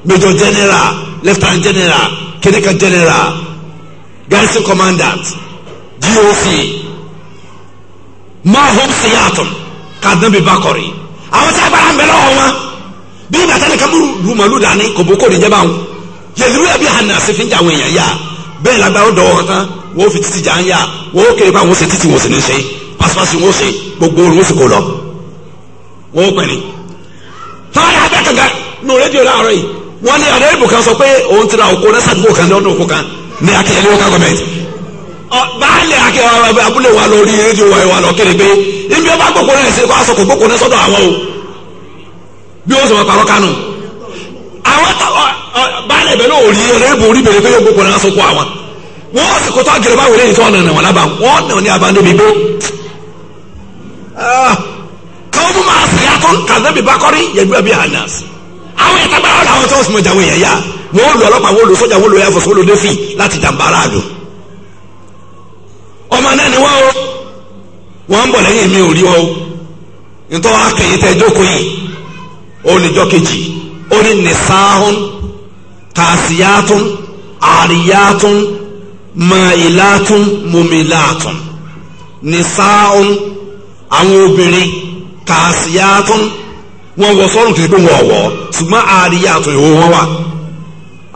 major general lieutenant general kìnìkan general garrison commandant goc mahom seyatum kadnabi bakori àwọn tí agbára ń bẹ lọ́wọ́ wọn bí ìgbà tẹ́lẹ̀ kábúrú lu màlúù dání kò bó kò ní jẹ́ báwọn yẹ̀lú ẹ̀bí hànà sí fi ń jà àwọn èèyàn yá bẹ́ẹ̀ lágbára ó dọ̀wọ́ tán wọ́n fi títí jà ń yá wọ́n ó kéré báwọn ó ṣe títí wọn sì ní ṣe pàṣípàṣí wọn ó ṣe gbogbo orun ó sì kó lọ wọ́n ó pẹ̀lú. fáwọn abẹ́kànga nù rédíò láàárọ̀ yìí wọ́n ní ọ̀rẹ́ ìbùkún sọ pé òun ti ra òkú náà sàdúgbò kan lọ́dún òkú kan ní akínyẹlẹ local government baálé akínyẹlẹ abúlé wa lọ rí rédíò wa wà lọ kéde pé ibi ọba gbogbo náà ṣe kó aṣọ kò gbogbo náà sọ́dọ̀ àwọn o bí ó sọ wọn parọ́ àwọn baálé bẹ́ẹ̀ ló rí rí bèrè pé yóò gbogbo náà sọ kó àwọn sì kó tó ọ̀nà wọn nà ní ah, káwọn fún máa sì yàtọ̀ bí àná àwọn ìtagbára tó wọ́n ó lu ọlọ́pàá wọ́n ó lu sójà wọ́n ó lu air force wọ́n ó lu navy láti jàǹbá aráàlú ọmọ náà ni wọ́n o wọ́n ń bọ̀ lẹ́yìn mi ò rí wọn o nítorí wọ́n á kẹ̀yìn tẹ́ jókòó yìí ó ní jọ́ kejì ó ní nìsáhùn kàásìyàtún àríyàtún màìlàtún mùmìlàtún nìsáhùn àwọn obìnrin kàásìyàtún wọ́n wọ sọ́run kìí pé wọ́n wọ̀ ṣùgbọ́n àríyàtún ìwọ wọn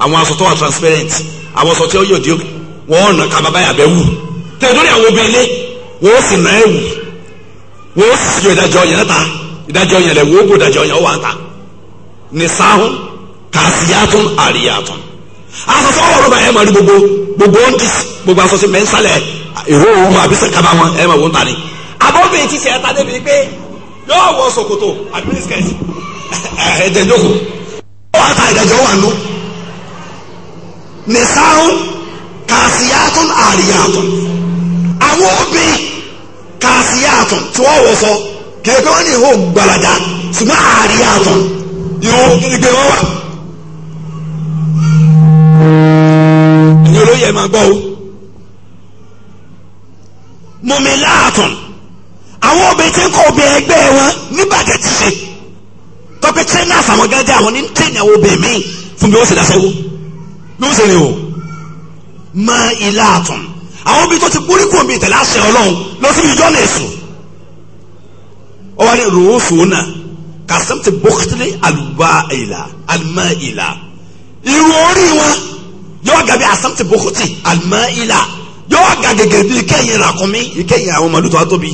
àwọn aṣọ tó wà transparent àwọn aṣọ tí ó yọ̀dí wọn ọ̀nà kàmá báyà bẹ́ẹ̀ wù tẹ̀dọ́rì àwọn obìnrin wọn ó sì nà ẹ̀ wù wọn ó sì yọ ìdájọ́ yẹn ta ìdájọ́ yẹn lẹ̀ wọ́n ó bò ìdájọ́ yẹn wà ta nìsáhùn kàṣíyàtún àríyàtún aṣọ tó wà lọ́ba ẹ̀ máa rí gbogbo gbogbo ń dis gbogbo aṣọ sí mẹ́ńsálẹ̀ ìró òun àbí sẹ́kàbà wọn ẹ̀ máa wọ́n ta ni abọ́bìnrin ti ṣe ẹ̀ta débi pé yóò wọ ṣòkòtò àbí rísíkẹ́sì ẹ̀ẹ́dẹ̀ẹ́dẹ́kù ó wà ká nisaun kaasiyatun ariyatun àwọn obìnrin kaasiyatun tí wọ́n wọ̀ fọ kẹ̀kẹ́ wọn ni ìhó gbalaja ṣùgbọ́n ariyatun ìhó gbígbé wọn wà. ẹ̀yin olóyè ẹ̀ máa gbọ́ o mọ̀míláàtún àwọn obìnrin tí ń kọ́ ẹgbẹ́ wọn nígbà tẹ̀tí ṣe tọ́pẹ́ tẹ́lẹ̀ náà fàwọn gẹ́gẹ́ àwọn ní tẹ̀lé àwọn obìnrin míì fún mi ó sì dáṣẹ́wó. bí wọ́n ṣe rè o mọ ilé àtún àwọn obìnrin tó ti kúrí kò mí tẹ̀lé àṣẹ ọlọ́run lọ sí ìjọ lè sùn ọwọ́ ni ròósù náà kàṣẹ́m ti bọ́kítìlẹ̀ àlùbá ìlà àlùmọ́ ìlà irú orí wọn yóò gàbí àṣẹ́m ti bọ́kítì àlùmọ́ ìlà yóò ga gẹ́gẹ́ bí ìkẹyìn ràkúnmí ìkẹyìn àwọn màlúù tó tí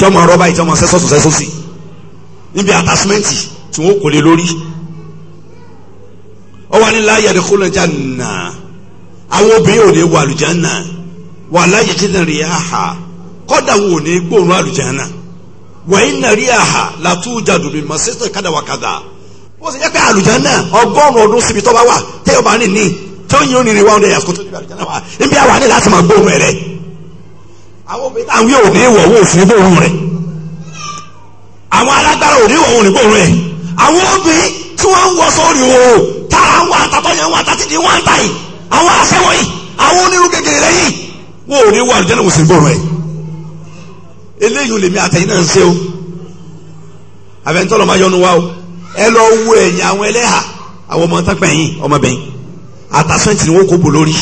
wọn máa rọ́bà yìí níbi àtàsímẹ́ǹtì tí wọn kò lè lórí ọwọ́ ni láyé ẹ̀dẹ̀ kúlọ̀ janna àwọn obìnrin ò ní wọ àlùjáná wà láyé títí rí àhà kọ́dà wọn ò ní gbóòórùn àlùjáná wà iná rí àhà látújà dùbí mọ̀ sí kádà wà kádà wọ́n sì yẹ pé àlùjáná ọgọ́rùn-ún ọdún síbi tó bá wà tẹ́yọ̀ bá rìn ní tí ó yin onírìn wa ọ̀dẹ̀ yàtọ̀ tó níbi àlùjáná wa níbi àwọn àlè láti máa gbóòórùn rẹ̀ àwọn obìnrin àwọn alágbára ò ní wọ gbogbo àtàtọ̀ yẹn wọn àtàtì di wọn ta yìí àwọn aṣẹ́wó yìí àwọn onírú kékeré rẹ yìí wọn ò ní wọ àlùjẹ́ lọ́wọ́ sí bọ̀rọ̀ ẹ̀ eléyìí ò lè mi àtẹ̀yìn náà ń ṣe o àbẹ̀ntọ́ lọ́ọ́ máa yọnu wa o ẹ lọ wo ẹ̀yìn àwọn ẹlẹ́hà àwọn ọmọ tẹ́pẹ̀ yìí ọmọbìnrin àtàsẹ́ǹtì ni wọ́n kó bò lórí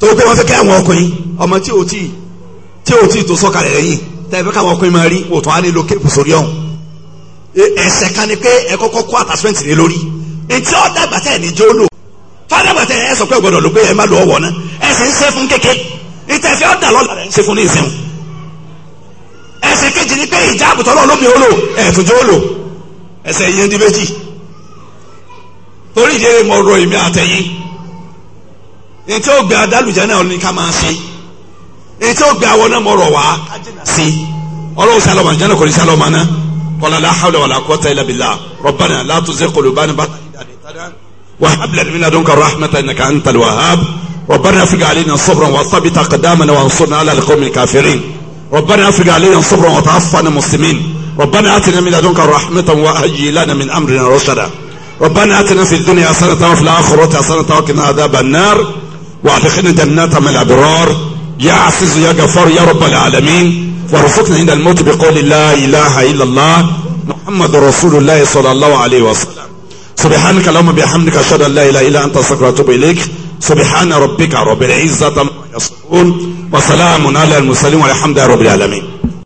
tó gbé wọn fẹ́ kẹ́ àwọn ọkùnrin ọmọ tí o tí tí o tí tó sọ̀kalẹ̀ lẹ́yìn tẹ́ ẹ fẹ́ káwọn ọkùnrin máa rí òtún á lè lo kéèpù sórí ọ̀hún E, ẹsẹ̀ kan ni pé ẹ kọ́kọ́ kó àtàsíwẹ̀ntì rẹ lórí etí ọ dàgbà tẹ̀ ní jó lò fàdàgbà tẹ̀ ẹ sọ pé gbọdọ̀ ló pé ẹ má lọ ọwọ́ náà ẹsẹ̀ ń ṣe fún kéke ìtẹ̀fẹ́ ọ̀dà lọ́la rẹ̀ ń ṣe fún ní ìsẹ̀wọ̀n ẹsẹ̀ kejì ni pé ìjà àbùtọ́ lọ́ọ́ lómi olò ẹ̀fún jó lò ẹsẹ̀ yẹn di méjì torí ìdíyẹ mọ ọ̀rọ̀ náà ní ká máa ṣe náà mọ wá sí náà. wala لا حول ولا قوة إلا بالله ربنا لا tuzigh قلوبنا ba'da idh hadaytana wa hab lana min ladunka rahmatan ربنا افرج علينا صبرا وثبت اقدامنا وانصرنا على القوم الكافرين ربنا افرج علينا صبرا وتعفنا المسلمين ربنا اتنا من لدنك رحمه وهيئ لنا من أمرنا رشدا ربنا اتنا في الدنيا حسنه وفي الاخره حسنه وقنا عذاب النار وادخلنا جنات من الابرار يا عزيز يا جفار يا رب العالمين warufutna inda almotu bi qawli la ilaha illallah muhammadu rasulillah sallallahu alayhi wa sallam subhanaka allahumma bihamdika ashhadu an la ilaha illa anta astaghfiruka wa atubu ilaik subhana rabbika rabbil izzati amma yasifun wa salamun ala al mursalin walhamdulillahi rabbil alamin.